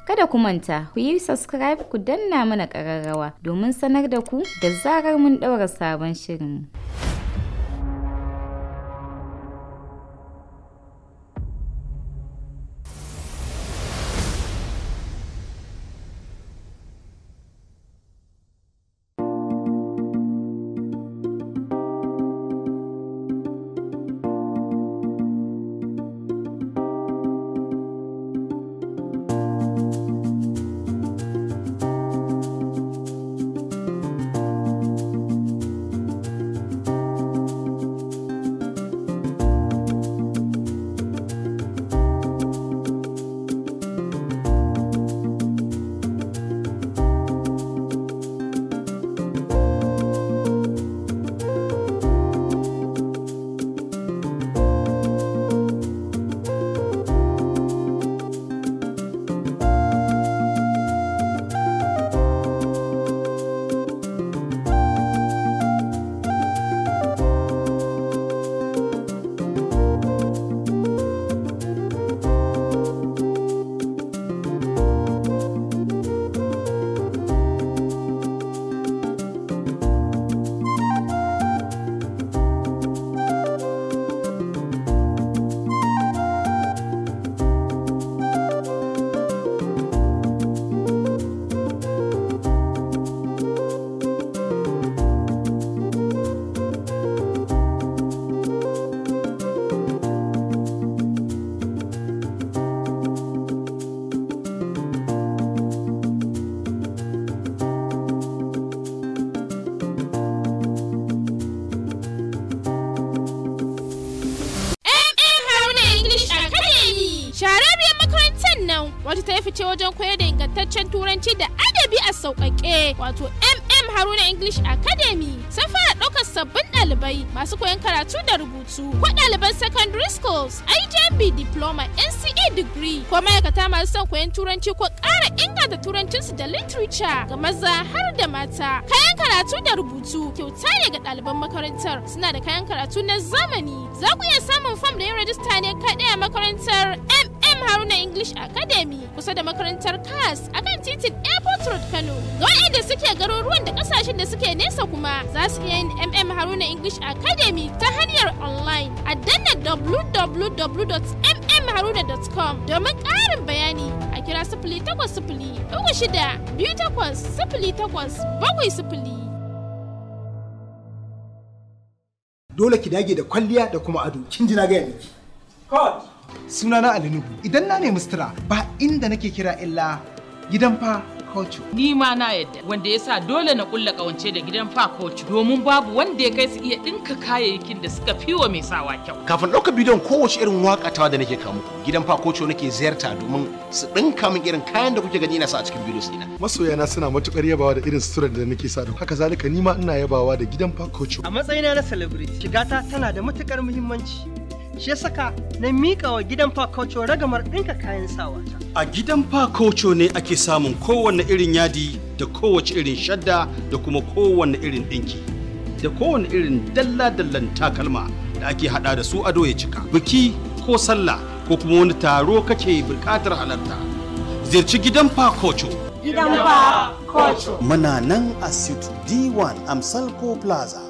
Kada ku manta, ku yi subscribe ku danna mana ƙararrawa domin sanar da ku da zarar mun ɗaura sabon shirin. wata ta fice wajen koyar da ingantaccen turanci da adabi a sauƙaƙe wato MM Haruna English Academy sun fara ɗaukar sabbin ɗalibai masu koyon karatu da rubutu ko ɗaliban secondary schools IJMB diploma NCA e degree ko ma'aikata masu son koyon turanci ko ƙara inganta turancinsu da literature ga maza har da mata kayan karatu da rubutu kyauta ne ga ɗaliban makarantar suna da kayan karatu na zamani za ku iya samun fam da yin rajista ne kaɗai a makarantar MM Malam Haruna English Academy kusa da makarantar CAS kan titin Airport Road Kano. Ga da suke garuruwan da kasashen da suke nesa kuma za su iya yin MM Haruna English Academy ta hanyar online a danna www.mmharuna.com domin karin bayani a kira sifili takwas sifili uku shida biyu takwas sifili takwas bakwai sifili. Dole ki dage da kwalliya da kuma ado, kin ji na gaya miki. sunana Alinubu idan na nemi sutura ba inda nake kira illa gidan fa Ni ma na yadda wanda ya sa dole na kulla kawance da gidan fa kocho domin babu wanda ya kai su iya dinka kayayyakin da suka fiwa mai sawa kyau. Kafin ɗaukar bidiyon kowace irin waka tawa da nake kamu gidan fa kocho nake ziyarta domin su dinka min irin kayan da kuke gani na sa a cikin bidiyo Masoyana suna matukar yabawa da irin suturar da nake sa da haka zalika ni ma ina yabawa da gidan fa A matsayina na celebrity shigata tana da matukar muhimmanci. shi saka na mika wa gidan fakoco ragamar ɗinka kayan sawa A gidan fakoco ne ake samun kowanne irin yadi da kowace irin shadda da kuma kowanne irin ɗinki da kowanne irin dalla-dallan takalma da ake haɗa da su ado ya cika. Biki ko sallah ko kuma wani taro kake buƙatar halarta. Ziyarci gidan fakoco. Gidan fakoco. Muna nan a Suite D1 Amsalko Plaza.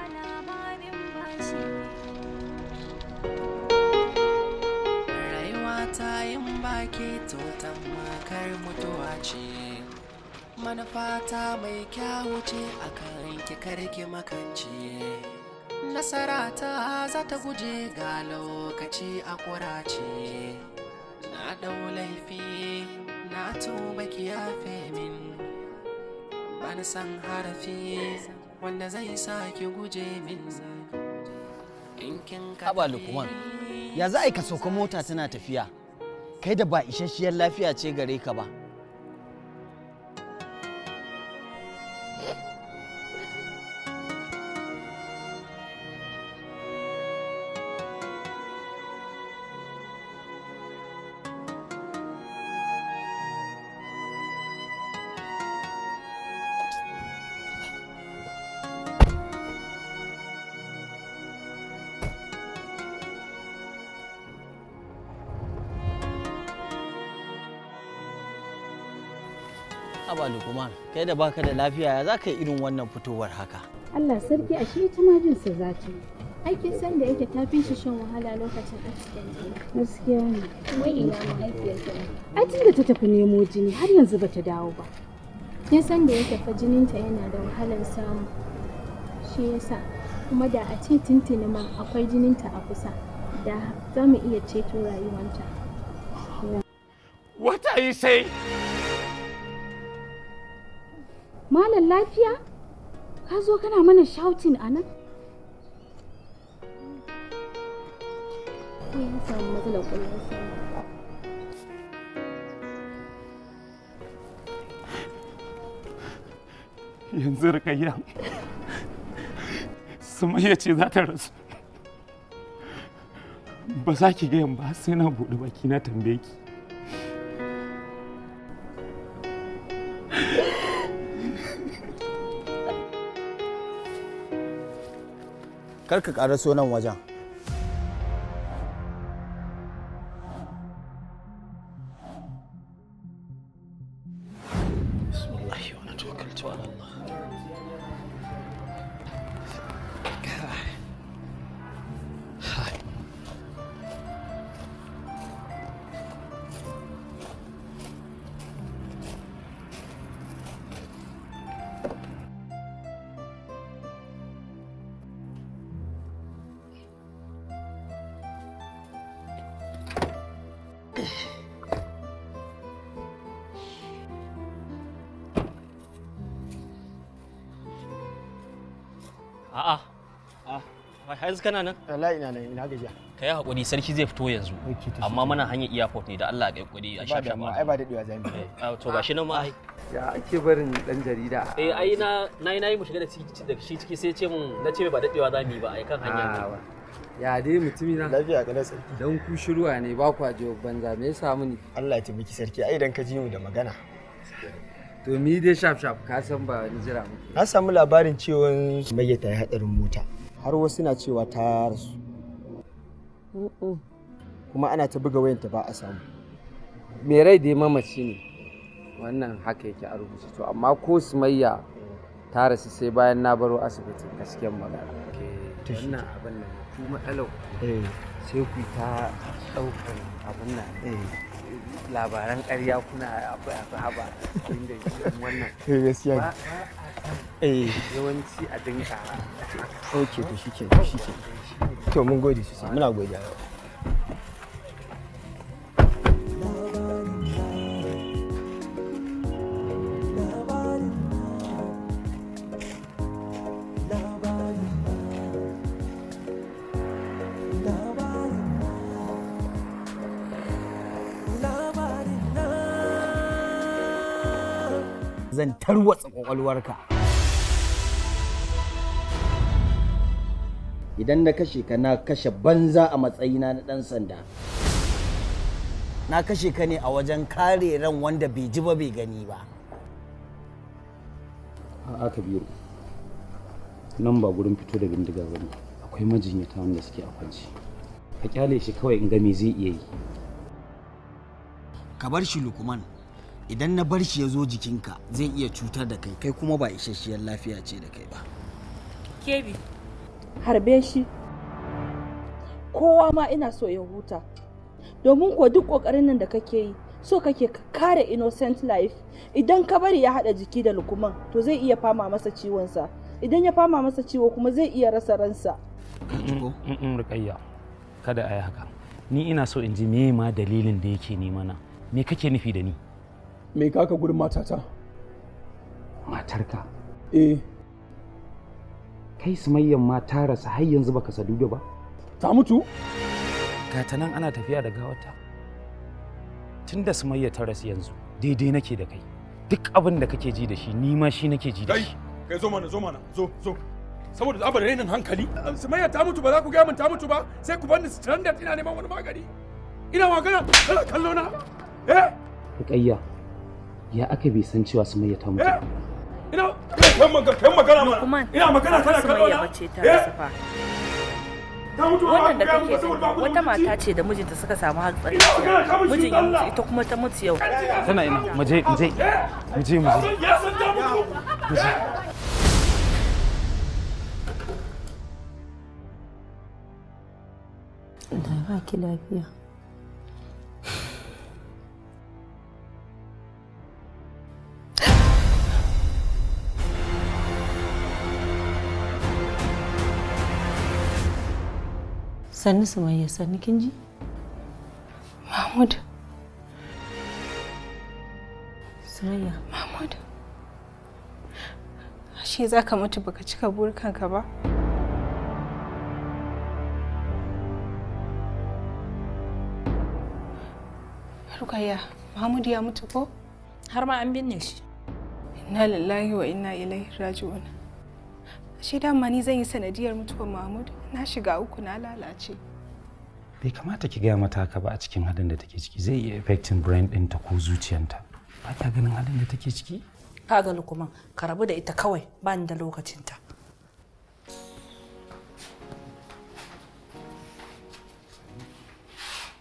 ce rayuwa ta yin baki tutan makar mutuwa ce manufata mai kyawu ce akan kikarki makance nasara ta za ta guje ga lokaci a kurace na ɗau laifi na tuba kiyafe min Ban san harafi wanda zai sa ki guje min haba lukman ya za a yi ka sauka mota tana tafiya kai da ba isasshiyar lafiya ce gare ka ba kai da baka da lafiya ya za ka yi irin wannan fitowar haka Allah sarki ashe ita ma jin sa zaki aikin san da yake ta shi shan wahala lokacin accident gaskiya ne wai ina mahaifiyar ta ai da ta tafi nemo jini har yanzu bata dawo ba kin san da yake fa jininta yana da wahalar samu shi yasa kuma da a ce tintini ma akwai jininta a kusa da za mu iya ceto rayuwanta Wata yi sai. Malam lafiya? Ka zo kana mana shouting a nan? Ko samu matsalar ƙwallon Yanzu rikayya. Sumayya ce za ta rasu. Ba za ki ga yamma sai na buɗe baki na tambaye ki. kar ka ƙara nan wajen yanzu kana nan wallahi ina nan ina gajiya ka yi hakuri sarki zai fito yanzu amma muna hanyar airport ne da Allah ya hakuri a shafa ma ai ba da duwa zamu eh to gashi nan ma ai ya ake barin dan jarida eh ai na nayi nayi mu shiga da ciki da shi ciki sai ce mun na ce ba dadewa zamu yi ba ai kan hanyar ah, ya dai mutumi na lafiya ga sarki dan ku shiruwa ne ba ku ajiyo banza me yasa muni Allah ya tabbaki sarki ai dan ka ji mu da magana to mi dai shaf shaf ka san ba ni jira muke Na samu labarin cewa mai ya tayi hadarin mota har wasu na cewa ta rasu kuma ana ta buga wayanta ba a samu me rai dai mamaci ne wannan haka yake a rubuce to amma ko sumayya ta rasu sai bayan na baro asibiti gaskiyan magana ta shi abin nan ku matsalau eh. sai ku ta ɗaukar abin nan eh. labaran ƙarya kuna abu haba inda wannan eh, Eh. yawanci a dinga ok to shi ke shi ke to mun gode zan tarwatsa kwakwalwarka idan na kashe ka na kashe banza a matsayina na ɗan sanda na kashe ka ne a wajen kare ran wanda bai ji ba bai gani ba a'a kabiru nan ba gurin fito da bindiga ba ne akwai majinyata wanda suke a ka kyale shi kawai in gami zai iya yi ka bar shi lukuman idan na bar shi ya zo jikinka zai iya cutar da kai kai kuma ba isasshiyar lafiya ce da kai ba kebi harbe shi kowa ma ina so ya huta domin kuwa duk ƙoƙarin nan da kake yi so kake ka kare innocent life idan ka bari ya haɗa jiki da lukuman to zai iya fama masa ciwonsa idan ya fama masa ciwo kuma zai iya rasa ransa mm, mm, mm, kada a yi haka ni ina so in ji me ma dalilin da yake ni mana me kake nufi da ni me kaka gurin matata matarka eh kai sumayyan ma ta rasu har yanzu baka saduda ba ta mutu gata nan ana tafiya da gawata tun da sumayya ta rasa yanzu daidai nake da kai duk abin da kake ji da shi ni ma shi nake ji da shi kai zo mana zo mana zo zo saboda za da rainin hankali sumayya ta mutu ba za ku gaya min ta mutu ba sai ku bani standard ina neman wani magani ina magana kana kallo na eh ya aka bi san cewa sumayya ta mutu kai magana mana eh? wannan da wata mata ce da mijinta suka samu hatsari mijin ya mutu ita kuma ta mutu yau tana ina muje muje eh? muje muje eh? da ba ki lafiya sannu sumayya sannu kin ji mahmud sumayya mahmud ashe za ka mutu baka cika burkanka ba rukayya mahmud ya mutu ko har ma an binne shi inna lillahi wa inna ilaihi raji'un shi dama ni zan yi sanadiyar mutuwar Mahmud na shiga uku na lalace. Bai kamata ki gaya mata haka ba a cikin halin da take ciki zai iya affecting brain ta ko zuciyanta. Ba ta ganin halin da take ciki? Ka ga lukuman ka rabu da ita kawai ba ni da lokacinta.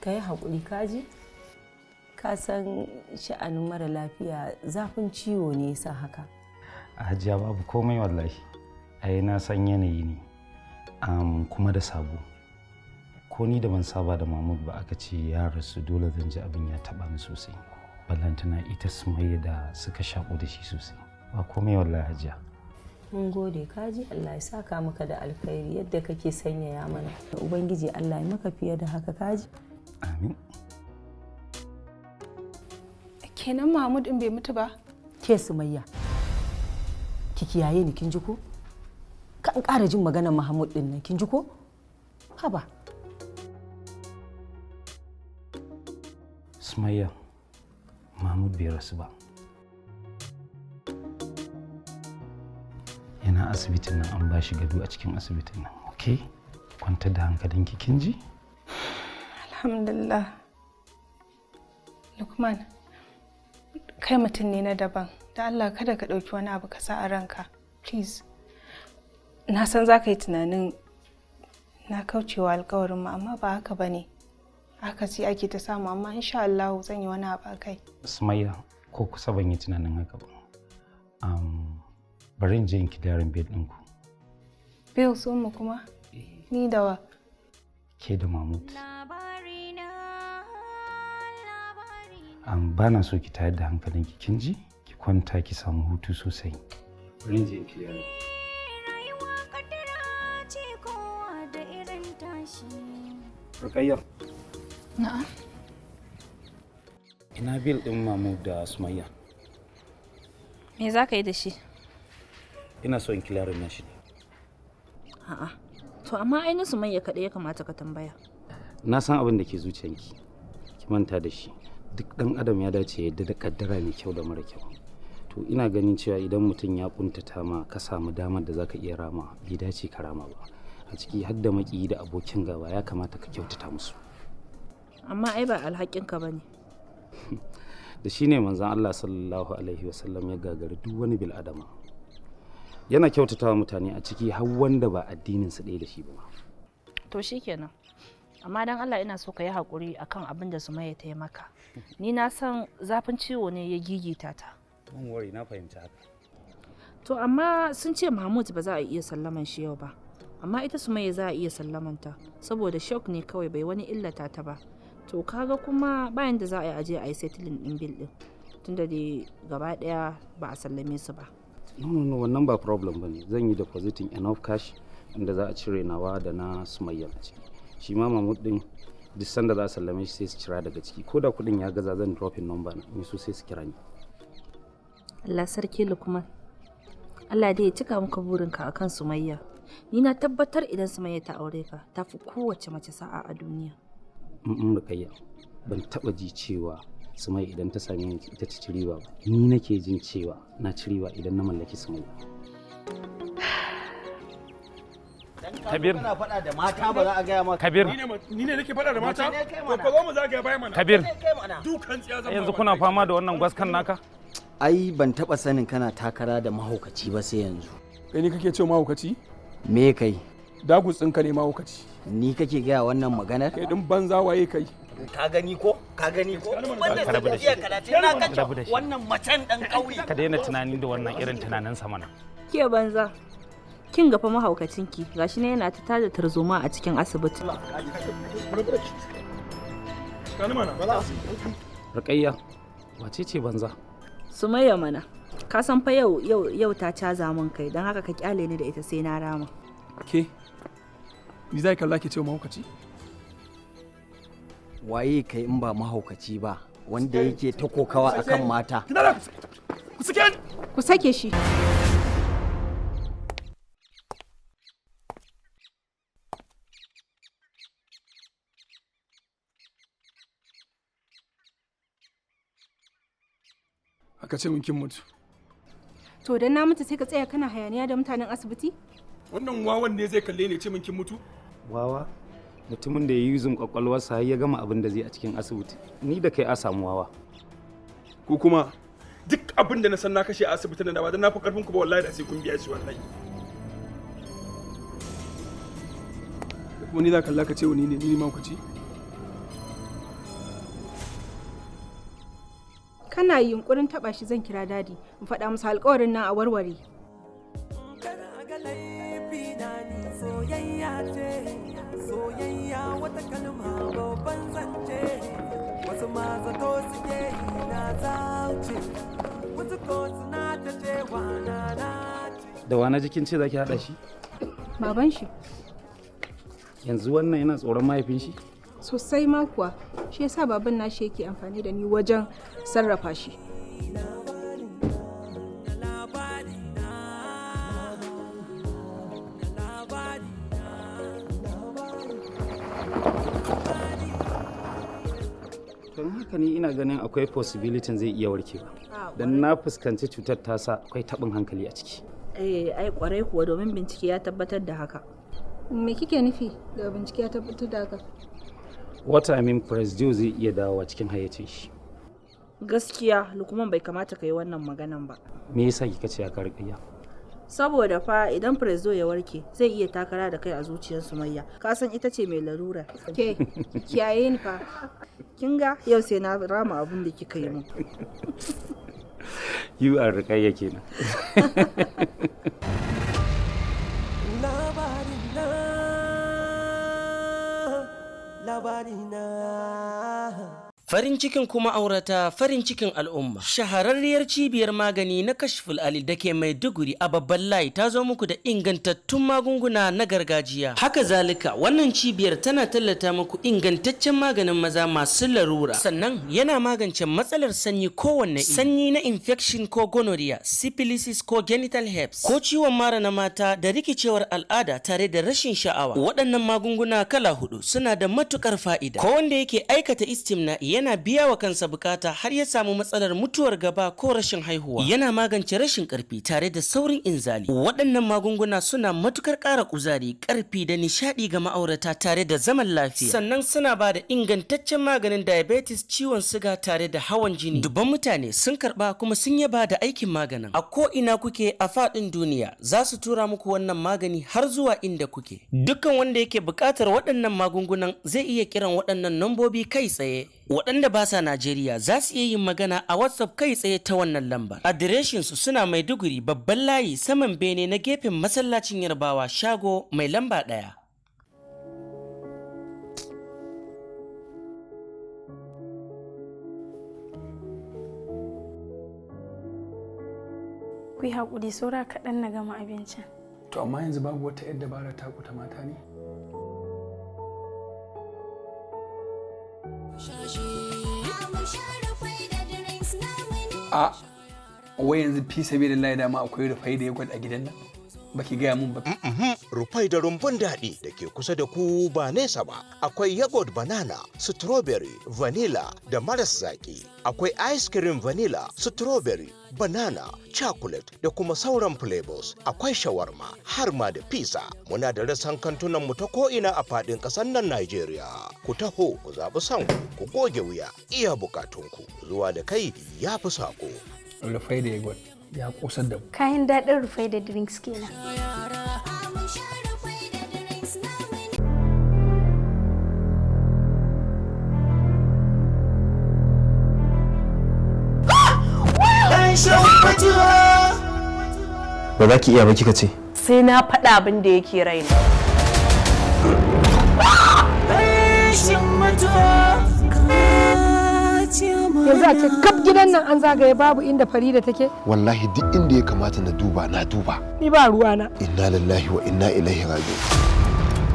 Ka yi haƙuri kaji? Ka san sha'anin mara lafiya zafin ciwo ne yasa haka. A hajiya babu komai wallahi. ai na san yanayi ne kuma da sabo ko ni da ban saba da mahmud ba aka ce ya rasu dole zan ji abin ya taba ni sosai ballantana ita mai da suka shaƙo da shi sosai ba komai wallahi hajiya mun gode kaji Allah ya saka maka da alkhairi yadda kake sanyaya mana ubangiji Allah ya maka fiye da haka kaji amin kenan mahmud in bai mutu ba ke sumayya ki kiyaye ni kin ji ko kan ƙara jin maganar mahamud din nan kin ji ko haba Sumayya mahamud bai rasu ba yana asibitin nan an ba shi gado a cikin asibitin nan okay kwanta da hankalinki kin ji alhamdulillah lukman kai mutum ne na daban da allah kada ka ɗauki wani abu ka sa a ranka please na san za ka yi tunanin na kaucewa alkawarinmu amma ba haka ba ne haka sai ake ta samu amma insha Allah zan yi wani abu kai sumayya ko kusa ban yi tunanin haka ba bari in je in kidarin bed ku. bill sun mu kuma eh. ni da wa ke da mamut ba na so ki tayar da hankalinki kin ji ki kwanta ki samu hutu sosai bari in je in kidarin Rukayya. Ina bil ɗin mamu da Sumayya. Me za ka yi da shi? Ina so in kilarin na shi. A'a. To amma ainihin Sumayya kaɗai ya kamata ka tambaya. Na san abin da ke zuciyanki. Ki manta da shi. Duk ɗan adam ya dace yadda da kaddara mai kyau da mara kyau. To ina ganin cewa idan mutum ya kuntata ma ka samu damar da zaka iya rama bai dace ka rama ba. a ciki har da maki da abokin gaba ya kamata ka kyautata musu amma ai ba alhakinka ba ne da shine manzon Allah sallallahu alaihi wasallam ya gagari duk wani bil bil'adama yana kyautata wa mutane a ciki har wanda ba addinin su ɗaya da shi ba to shikenan amma dan Allah ina so ka yi hakuri akan abin da su mai yi maka ni na san zafin ciwo ne ya gigita ta na fahimci haka to amma sun ce Mahmud ba za a iya sallaman shi yau ba amma ita sumaya za a iya sallamanta saboda shock ne kawai bai wani illata ta ba to kaga kuma bayan da za a yi aje a yi settling din bil din tunda dai gaba daya ba a sallame su ba no no wannan ba problem bane zan yi depositing enough cash inda za a cire nawa da na su a ciki shi ma mamud din duk sanda za a sallame shi sai su cira daga ciki ko da kudin ya gaza zan dropping number na ni sai su kira ni Allah sarki lukman Allah dai ya cika maka burinka akan sumayya ni na tabbatar idan Sumayya ta aure ka ta fi kowace mace sa'a a duniya. In mm, mm, Rukayya ban taba ji cewa Sumayya idan ta same ni ita ta ci riba ba. Ni nake jin cewa na ci riba idan na mallaki Sumayya. Kabir. Kana faɗa da mata ba za a gaya maka. Kabir. Ni ne nake faɗa da mata? ko ko za mu zagaya bayan mana. Kabir. Dukan tsiya zan Yanzu kuna fama da wannan gwaskan naka? Ai ban taɓa sanin kana takara da mahaukaci ba sai yanzu. Kai ne kake cewa mahaukaci? me kai dagutsin ka ne ma ni kake gaya wannan maganar kai din banza waye kai ka gani ko ka gani ko wanda ta iya karatu na kace wannan macen dan kauri ka daina tunanin da wannan irin tunanin sa mana ke banza kin gafa mahaukacin ki gashi ne yana ta tada tarzoma a cikin asibiti Rukayya wace ce banza Sumayya mana ka san fa yau yau yau ta caza min kai don haka ka kyale ni da ita sai na rama ke ni zai kalla ke ce mahaukaci waye kai in ba mahaukaci ba wanda yake ta kokawa akan mata ku sake shi haka ce min kin mutu to dan na mutu sai ka tsaya kana hayaniya da mutanen asibiti wannan wawan ne zai kalle ne ce min kin mutu wawa mutumin da ya yi zum kwakwalwarsa har ya gama abin da zai a cikin asibiti ni da kai a samu wawa ko kuma duk abin da na san na kashe a asibitin da ba dan na fi karfin ku ba wallahi da sai kun biya shi wallahi wani za kalla ka ce wani ne ni ma ku ci kana yunkurin taɓa shi zan kira dadi in faɗa musu alkawarin nan a warware na da wana jikin ce zaki haɗa shi baban shi yanzu wannan yana tsoron mahaifin shi sosai ma kuwa shi yasa baban nashi yake amfani da ni wajen sarrafa shi don haka ni ina ganin akwai possibility zai iya warkewa ah, don na fuskanci cutar tasa akwai tabin hankali a ciki eh ai kwarai kuwa domin bincike ya tabbatar da haka me kike nufi da bincike ya tabbatar da haka wata amin presidio zai iya dawowa cikin hayyacin shi gaskiya lukman bai kamata ka yi wannan maganan ba me yasa kika ce aka rikiya saboda fa idan presidio ya warke zai iya takara da kai a zuciyar sumayya ka san ita ce mai larura ke kiyaye ni fa kin ga yau sai na rama abin da kika yi mu you are rikayya kenan Farin cikin kuma aurata farin cikin al'umma. Shahararriyar cibiyar magani na kashful ali da ke mai Maiduguri a babban layi ta zo muku da ingantattun magunguna na gargajiya. Haka zalika wannan cibiyar tana tallata muku ingantaccen maganin maza masu larura. Sannan yana magance matsalar sanyi kowanne sanyi na infection ko gonorrhea, syphilis ko genital herpes ko ciwon mara na mata da rikicewar al'ada tare da rashin sha'awa. Waɗannan magunguna kala hudu suna da matukar fa'ida. Ko wanda yake aikata istimna yana biya wa kansa bukata har ya samu matsalar mutuwar gaba ko rashin haihuwa yana magance rashin karfi tare da saurin inzali waɗannan magunguna suna matukar ƙara kuzari karfi da nishaɗi ga ma'aurata tare da zaman lafiya sannan suna ba da ingantaccen maganin diabetes ciwon siga tare da hawan jini dubban mutane sun karɓa kuma sun ba da aikin maganin a ko ina kuke a faɗin duniya za su tura muku wannan magani har zuwa inda kuke dukkan wanda yake buƙatar waɗannan magungunan zai iya kiran waɗannan nambobi kai tsaye waɗanda ba sa Najeriya za su iya yin magana a WhatsApp kai tsaye ta wannan lambar. Adireshin su suna Maiduguri babban layi saman bene na gefen masallacin Yarbawa shago mai lamba ɗaya. Ku yi haƙuri saura kaɗan na gama abincin. To amma yanzu babu wata yadda bara ta ta mata ne? a wai yanzu fi sabi da lai dama akwai rufai da ya gwada a gidan nan ba ki gaya mun ba. Mm-hmm. Rufai da rumbun daɗi da ke kusa da ku ba nesa ba. Akwai yogurt banana, strawberry, vanilla da maras zaki Akwai ice cream vanilla, strawberry, banana, chocolate da kuma sauran flavors. Akwai shawarma har ma da pizza. Muna da rasan kantunan mu ta ko'ina a faɗin ƙasar nan Najeriya. Ku taho ku zaɓi son ku goge wuya iya bukatun ku. Zuwa da kai ya fi sako. Rufai da ya ya da Kayan daɗin rufai da drinks kenan. ba za ki iya ba kika ce sai na faɗa abin da yake raina yanzu a ce kaf gidan nan an zagaye babu inda farida take wallahi duk inda ya kamata na duba na duba ni ba ruwa na. inna lillahi wa inna ilaihi raji'un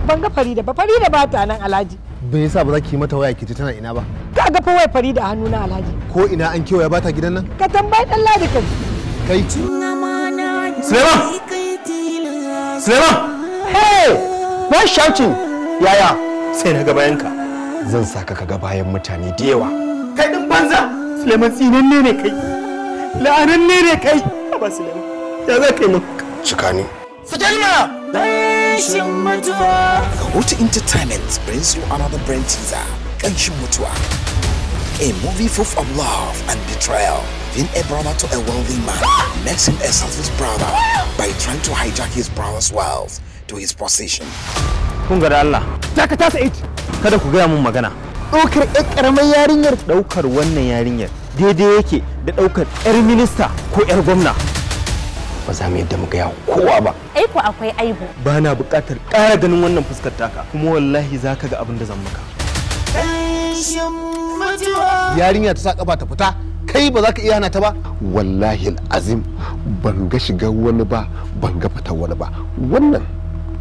ban ga farida ba farida ba ta nan alhaji bai yasa ba za ki mata waya kici tana ina ba ka ga fa waya farida a hannu na alhaji ko ina an kewaya ba ta gidan nan ka tambayi dan ladi kai kai Suleiman! Suleiman! Hey! Why shouting? Yaya? Sai na ga bayanka. Zan saka ka ga bayan mutane da yawa. Kai din banza! Suleiman tsinanne ne kai. La'ananne ne kai. Ba Suleiman. Ya za kai maka. Cika ni. Fitar mutuwa. Kahutu Entertainment brings you another brand teaser. Ƙanshin Mutuwa. A movie full of love and betrayal. giving a brother to a wealthy man makes him a selfish brother by trying to hijack his brother's wealth to his position. Kun ga Allah, taka tasa it. Kada ku gaya mun magana. Ɗaukar ɗan ƙaramar yarinyar ɗaukar wannan yarinyar daidai yake da ɗaukar 'yar minista ko ƴar gwamna. Ba za mu yadda mu gaya kowa ba. Aiko akwai aibu. Ba na buƙatar ƙara ganin wannan fuskar taka kuma wallahi za ka ga abin da zan maka. yarinya ta sa ƙafa ta fita kai ba za ka iya hana ta ba wallahi azim ban ga shiga wani ba ban ga fita wani ba wannan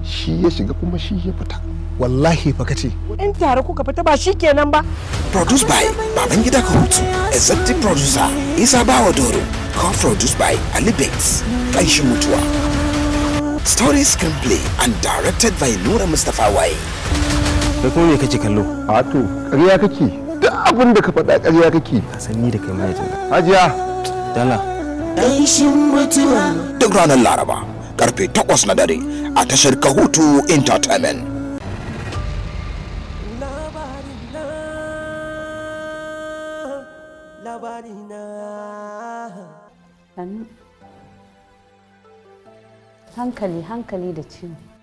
shi ya shiga kuma shi ya fita wallahi fa kace in tare kuka fita ba shi kenan ba produced by babangida kahutu executive producer isa bawa doro co-produced by ali bates kanshin mutuwa story screenplay and directed by nura mustafa waye da kuma me kake kallo a to ƙarya kake duk abin da ka faɗa ƙarya kake ka san ni da kai mai tana hajiya dala shin mutuwa duk ranar laraba karfe 8 na dare a tashar kahutu entertainment hankali hankali da ciwo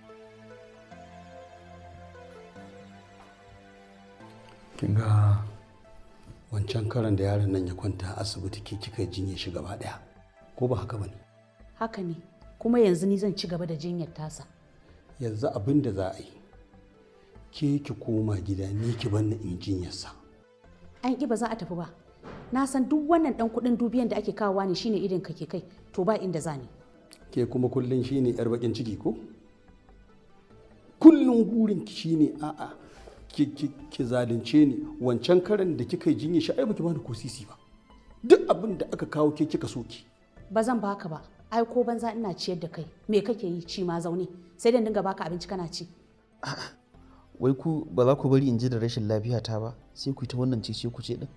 kin ga wancan karan da yaron nan ya kwanta asibiti ke kika jinye shi gaba daya ko ba haka bane haka ne kuma yanzu ni zan ci gaba da jinyar tasa yanzu abin da za a yi ke ki koma gida ni ki banna in jinyarsa an ki ba za a tafi ba na san duk wannan dan kudin dubiyan da ake kawowa ne shine irin kake kai to ba inda za ni ke kuma kullun shine yar bakin ciki ko kullun gurin ki shine a'a ki zalunce ni wancan karin da kika yi jinya shi ai baki bani ko sisi ba duk abin da aka kawo ke kika soki ba zan baka ba ai ko banza ina ciyar da kai me kake yi ci ma zaune sai dan dinga baka abinci kana ci wai ku ba za ku bari in ji da rashin lafiya ta ba sai ku yi ta wannan ce ce ku ce din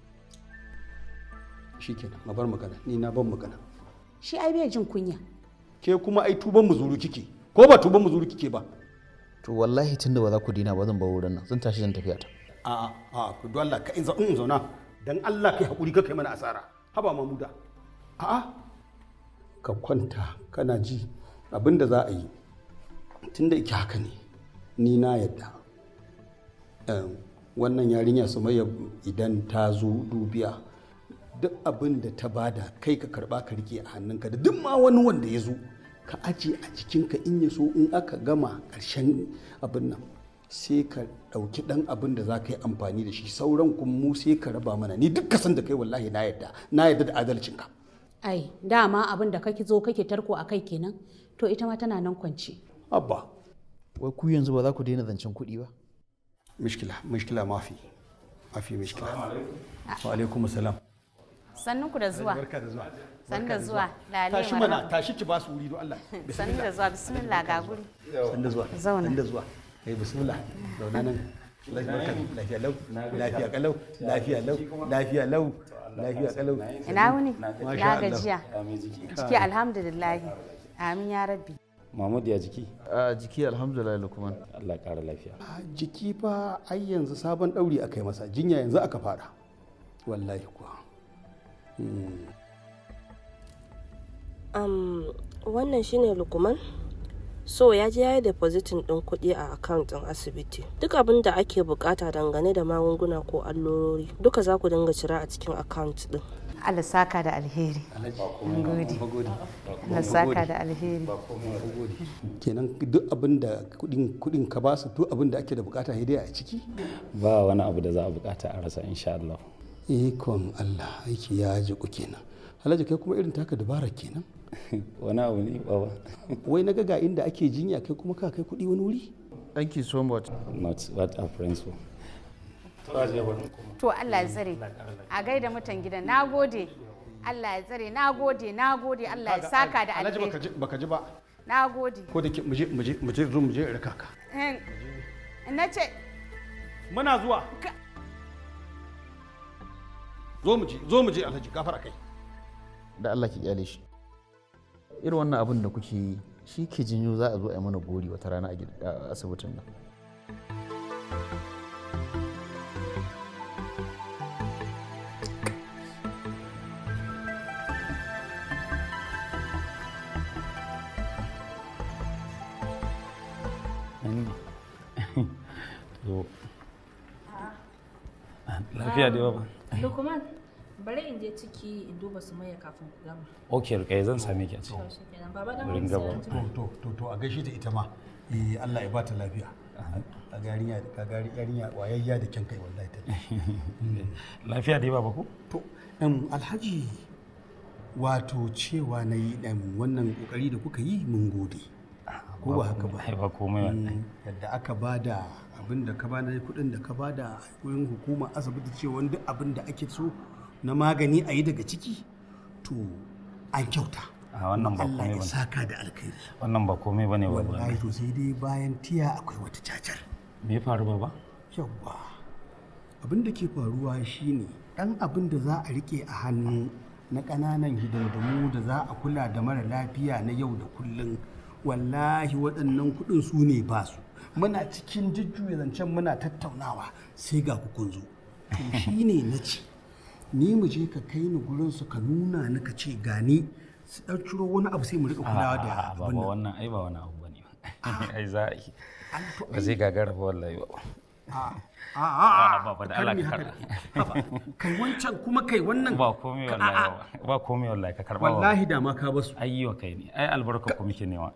ke ma bar magana ni na ban magana shi ai bai jin kunya ke kuma ai tuban mu zuru kike ko ba tuban mu zuru kike ba to wallahi tunda ba za ku dina ba zan ba wurin nan zan tashi zan tafiya ta a a ku Allah ka in zauna dan Allah kai hakuri ka kai mana asara haba muda a a ka kwanta kana ji abinda za a yi tunda iki haka ne ni na yadda wannan yarinya su mai idan ta zo dubiya duk abin da ta bada kai ka karba ka rike a hannunka da duk ma wani wanda ya zo ka aje a jikinka in ya so in aka gama ƙarshen abin nan sai ka ɗauki ɗan abin da za ka yi amfani da shi sauran kuma mu sai ka raba mana ni duk kasan da kai wallahi na yadda na yadda da adalcinka ai dama abin da kake zo kake tarko a kai kenan to ita ma tana nan kwance abba wai ku yanzu ba za ku daina zancen kuɗi ba mishkila mishkila mafi mafi mishkila wa alaikum salam ku da zuwa barka da zuwa da zuwa tashi mana tashi ci ba su wuri don Allah sanda zuwa bismillah ga guri sanda zuwa da zuwa eh bismillah zauna nan lafiya lau lafiya kalau lafiya lau lafiya lau lafiya kalau ina wuni na gajiya ciki alhamdulillah amin ya rabbi Mahmud ya jiki? A ah, jiki alhamdulillah Lukman. Allah ƙara lafiya. Ah, jiki fa ai yanzu sabon ɗauri aka yi masa jinya yanzu aka fara. Wallahi kuwa. Hmm. um, wannan shine lukuman so ya je ya yi depositin din kuɗi a account asibiti duk abin da ake bukata dangane da magunguna ko allurori duka za ku dinga cira a cikin account ɗin alasaka da alheri alasaka da alheri kenan duk abin da kudin ka basu duk abin da ake da bukata dai a ciki ba wani abu da za a bukata a rasa insha Allah ikon Allah aiki ya ji ku kenan alhaji kai kuma irin taka dabara kenan wani abu ne ba wai na ga inda ake jinya kai kuma ka kai kuɗi wani wuri thank you so much not what our friends for to Allah ya tsare a gaida mutan gidan na gode Allah ya tsare na gode na gode Allah ya saka da alheri baka ji ba na gode ko da mu je mu je mu je raka ka eh, na ce muna zuwa zo mu je zo mu je alhaji gafara kai da Allah ki kyale shi irin wannan abin da kuke yi shi ke jinyo za a zo a yi mana gori wata rana a asibitin nan lafiya da yawa ba. Dokuman, bari in je ciki in duba su maya kafin ku gama Ok rukai zan same ki a ciki baba da mun to to to a gaishe ta ita ma eh Allah ya bata lafiya a garinya ka gari yarinya wayayya da kyan kai wallahi ta lafiya dai baba ko to alhaji wato cewa na yi ɗan wannan ƙoƙari da kuka yi mun gode ah, ko ba haka ba ba komai mm, yadda aka ba da abin da ka bada kudin da ka bada wurin hukuma asibiti cewa duk abin da ake so na magani a yi daga ciki to an kyauta wannan ba komai bane saka da alkhairi wannan ba komai bane wallahi to sai dai bayan tiya akwai wata cacar me ya faru baba yawa abin da ke faruwa shine dan abin da za a rike a hannu na ƙananan hidindimu da za a kula da mara lafiya na yau da kullun wallahi waɗannan kuɗin su ne ba su muna cikin jujjuya zancen muna tattaunawa sai ga ku kun zo to shine na ce ni mu je ka kai ni gurin su ka nuna ni ka ce gani su dan ciro wani abu sai mu rika kulawa da abin nan wannan ai ba wani abu bane ai za a yi ba zai gagara ba wallahi ba a'a ba da Allah ka kai wancan kuma kai wannan ba komai wallahi ba komai wallahi ka karba wallahi da ma ka basu ayyo kai ne ai albarka ku muke newa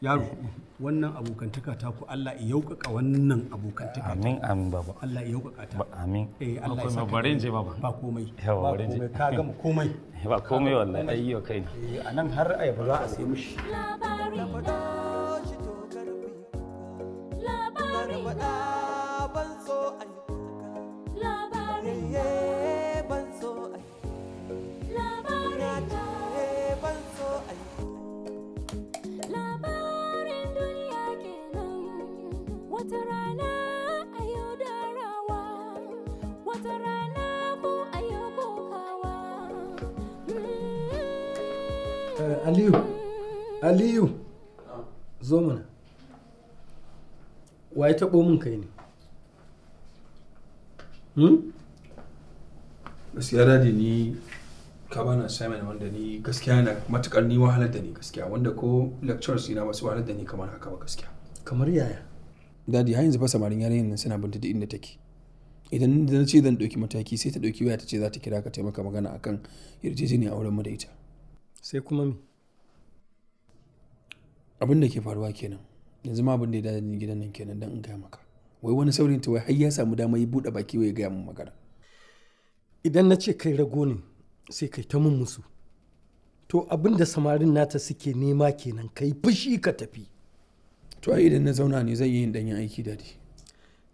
yaro wannan abokantaka ta ku Allah ya yaukaka wannan abokantaka amin amin baba Allah ya yaukaka ta amin eh Allah ya saka bare je baba ba anan eh, har ayaba za a sai mishi labari aliyu zo mana wa ya taɓo min kai ne hmm? gaskiya da ni ka bani simon wanda ni gaskiya na matukar ni wahalar da ni gaskiya wanda ko lectures na masu wahalar da ni kamar haka ba gaskiya kamar yaya dadi har yanzu fa samarin yanayin nan suna bintu da inda take idan da na ce zan ɗauki mataki sai ta ɗauki waya ta ce za ta kira ka taimaka magana akan yarjejeniya auren mu da ita sai kuma me abin da ke faruwa kenan yanzu ma abin da ya dace gidan nan kenan dan in gaya maka wai wani saurin ta wai har ya samu dama ya buɗe baki wai ya gaya min magana idan na ce kai rago ne sai kai ta mun musu to abin da samarin nata suke nema kenan kai fushi ka tafi to ai idan na zauna ne zan yi yin danyen aiki dadi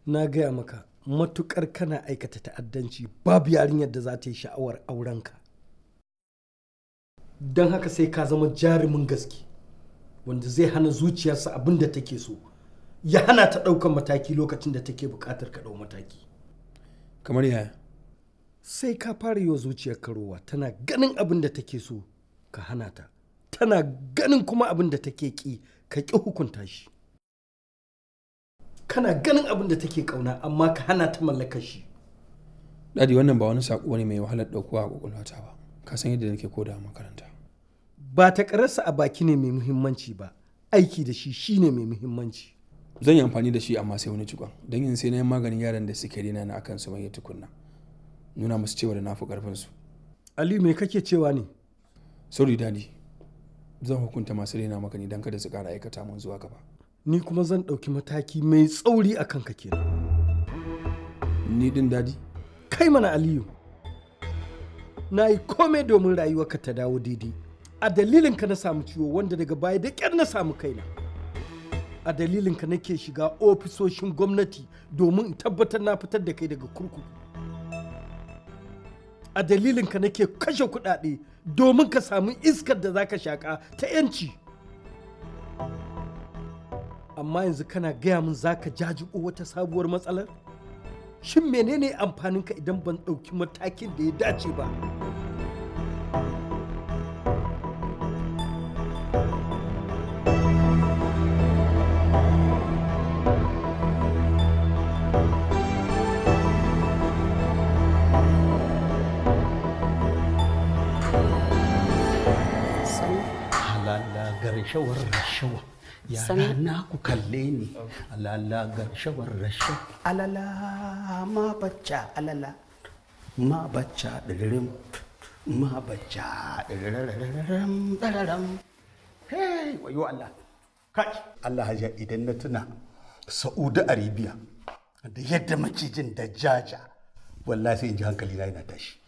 na gaya maka matukar kana aikata ta'addanci babu yarinyar da za ta yi sha'awar aurenka don haka sai ka zama jarumin gaske wanda zai hana zuciyarsa abin da take so ya hana ta ɗaukan mataki lokacin da take buƙatar ka ɗau mataki kamar yaya sai ka fara yi wa zuciyar karowa tana ganin abin da take so ka hana ta tana ganin kuma abin da take ƙi ka ƙi hukunta shi kana ganin abin da take ƙauna amma ka hana ta mallakar shi dadi wannan ba wani saƙo ne mai wahalar ɗauko a ƙwaƙwalwata ba ka san yadda nake koda makaranta ba ta karasa a baki ne mai muhimmanci ba aiki da shi shi ne mai muhimmanci zan yi amfani da shi amma sai wani cikon don yin sai na yi maganin yaran da suke rina na akan su mai tukunna nuna musu cewa da na fi karfin su aliyu me kake cewa ne sorry dadi zan hukunta masu rena maka ne don kada su kara aikata mun zuwa gaba ni kuma zan ɗauki mataki mai tsauri a kanka kenan ni din dadi kai mana aliyu na yi komai domin rayuwarka ta dawo daidai a dalilinka na samu ciwo wanda daga baya da ƙyar na samu kaina a dalilinka nake shiga ofisoshin gwamnati domin in tabbatar na fitar da kai daga kurkuku a dalilinka nake kashe kuɗaɗe domin ka samu iskar da zaka ka shaƙa ta 'yanci amma yanzu kana gaya min za ka jajibo wata sabuwar matsalar shin menene amfaninka idan ban ɗauki matakin da ya dace ba ga rashawa yara na ku kalle ni alala ga rashawa alala ma bacca alala ma bacca ɗiririm ma bacca ɗiririm ɗararam hey wayo Allah kai Allah ya idan na tuna Saudi Arabia da yadda macijin da jaja wallahi sai in ji hankali na yana tashi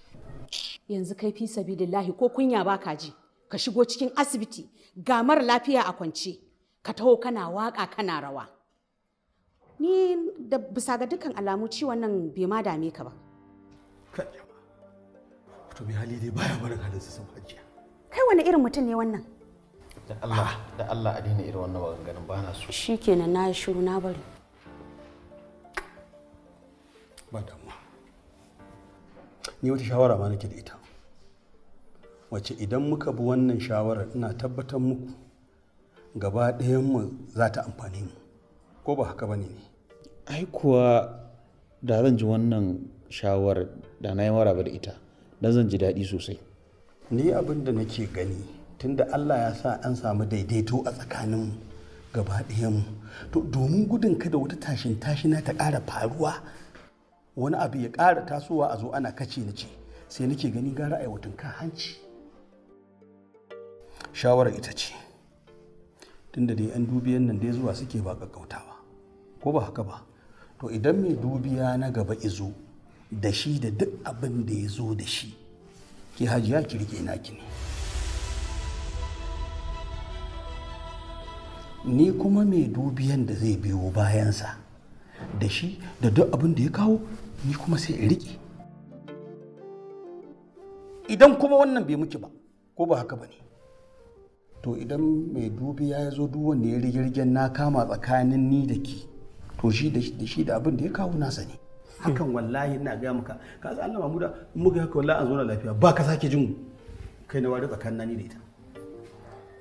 yanzu kai fi sabilillahi ko kunya baka ji ka shigo cikin asibiti ga mara lafiya a kwance ka taho kana waka kana rawa ni da bisa ga dukkan alamu ciwon nan bai ma dame ka ba to mai hali dai baya barin halin su sun hajiya kai wani irin mutum ne wannan da Allah da Allah a daina irin wannan maganganun ba na so shikenan na yi shiru na bari ba damuwa ni wata shawara ma nake da ita wacce idan muka bi wannan shawarar ina tabbatar muku gaba mu za ta amfani mu ko ba haka bane ne ai kuwa da zan ji wannan shawarar da na yi maraba da ita da zan ji daɗi sosai ni abin da nake gani tunda allah ya sa an samu daidaito a tsakaninmu gaba mu to domin gudun kada wata tashin tashina ta ƙara faruwa wani abu ya ƙara tasowa a zo ana kace ni ce sai nake gani gara aiwatun kan hanci shawarar ita ce tunda dai 'yan dubiyan nan dai zuwa suke ba kakkautawa ko ba haka ba to idan mai dubiya na gaba izo da shi da duk abin da ya zo da shi ki hajiya ki rike naki ne ni kuma mai dubiyan da zai biyo bayansa da shi da duk abin da ya kawo ni kuma sai in rike idan kuma wannan bai muke ba ko ba haka ba ne to idan mai dubi ya zo duk wanda ya rigirgen na kama tsakanin ni da ke to shi da shi da abin da ya kawo nasa ne hakan wallahi ina gaya maka ka san Allah mamuda in muka haka wallahi an zo na lafiya ba ka sake jin kai na wari tsakanin ni da ita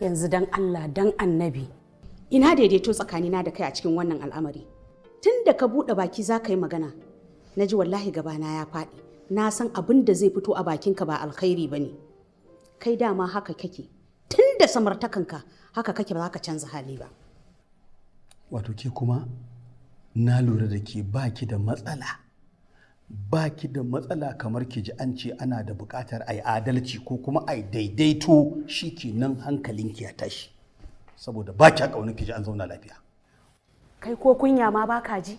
yanzu dan Allah dan annabi ina daidaito tsakanina da kai a cikin wannan al'amari tun da ka bude baki za ka yi magana na ji wallahi gabana ya faɗi na san abin da zai fito a bakinka ba alkhairi ba ne kai dama haka kake tun da samartakanka haka kake ba za ka canza hali ba wato ke kuma na lura da ke baki da matsala baki da matsala kamar ki ji an ce ana da bukatar a yi adalci ko kuma a yi daidaito shi ke nan hankalinki ya tashi saboda baki ki ƙaunar ki ji an zauna lafiya kai ko kunya ma ba ka ji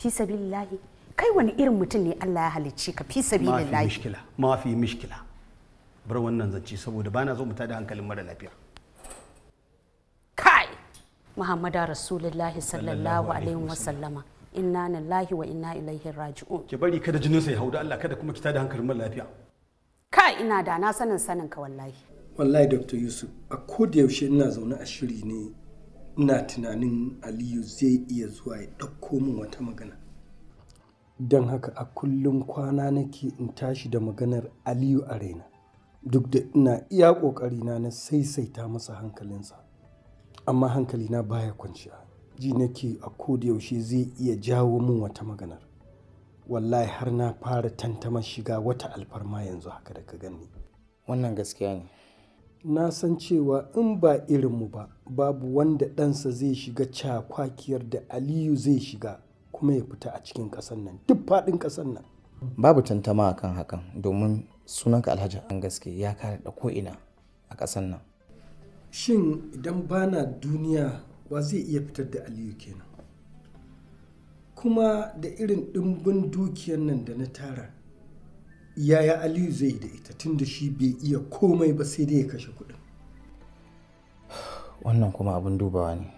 fi lillahi. kai wani irin mutum ne Allah ya halicce ka fi sabilillahi mafi mishkila mafi mishkila bar wannan zance saboda bana zo mu tada hankalin mara lafiya kai muhammadu rasulullahi sallallahu alaihi wasallama inna lillahi wa inna ilaihi raji'un ki bari kada jinin sai hauda Allah kada kuma ki tada hankalin mara lafiya kai ina da na sanin sanin ka wallahi wallahi dr yusuf a koda yaushe ina zaune a shiri ne ina tunanin aliyu zai iya zuwa ya ɗauko min wata magana don haka a kullum kwana nake in tashi da maganar aliyu a raina duk da ina iya ƙoƙarina na saisaita masa hankalinsa amma hankalina baya kwanciya ji nake a yaushe zai iya jawo mun wata maganar wallahi har na fara tantama shiga wata alfarma yanzu haka da ka gani wannan gaskiya ne na san cewa in ba irinmu ba babu wanda ɗansa zai shiga cakwakiyar da aliyu zai shiga kuma ya fita a cikin ƙasar nan duk faɗin ƙasar nan babu tantama akan hakan domin sunanka alhaji an gaske ya kare da ko'ina a ƙasan nan shin idan bana duniya wa zai iya fitar da aliyu kenan kuma da irin ɗimbin dukiyan nan da na tara yaya aliyu zai da ita tun da shi bai iya komai ba sai dai ya kashe kuɗin wannan kuma abin dubawa ne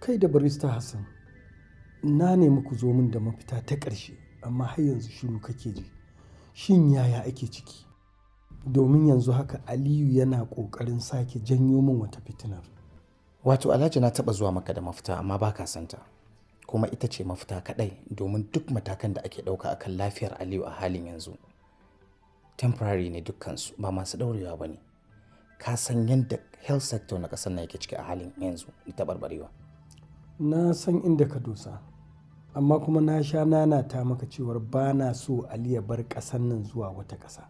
kai da barista hassan na nemi ku zo min da mafita ta ƙarshe amma har yanzu shiru kake ji shin yaya ake ciki domin yanzu haka aliyu yana ƙoƙarin sake janyo min wata fitinar wato alhaji na taɓa zuwa maka da mafita amma ba ka santa kuma ita ce mafita kaɗai domin duk matakan da ake ɗauka akan lafiyar aliyu a halin yanzu temporary ne dukkansu ba masu ɗaurewa ba ne ka san yadda health sector na ƙasar na yake ciki a halin yanzu ta barbarewa na san inda ka dosa amma kuma na sha nana ta maka cewar ba na so Ali ya bar ƙasar nan zuwa wata ƙasa.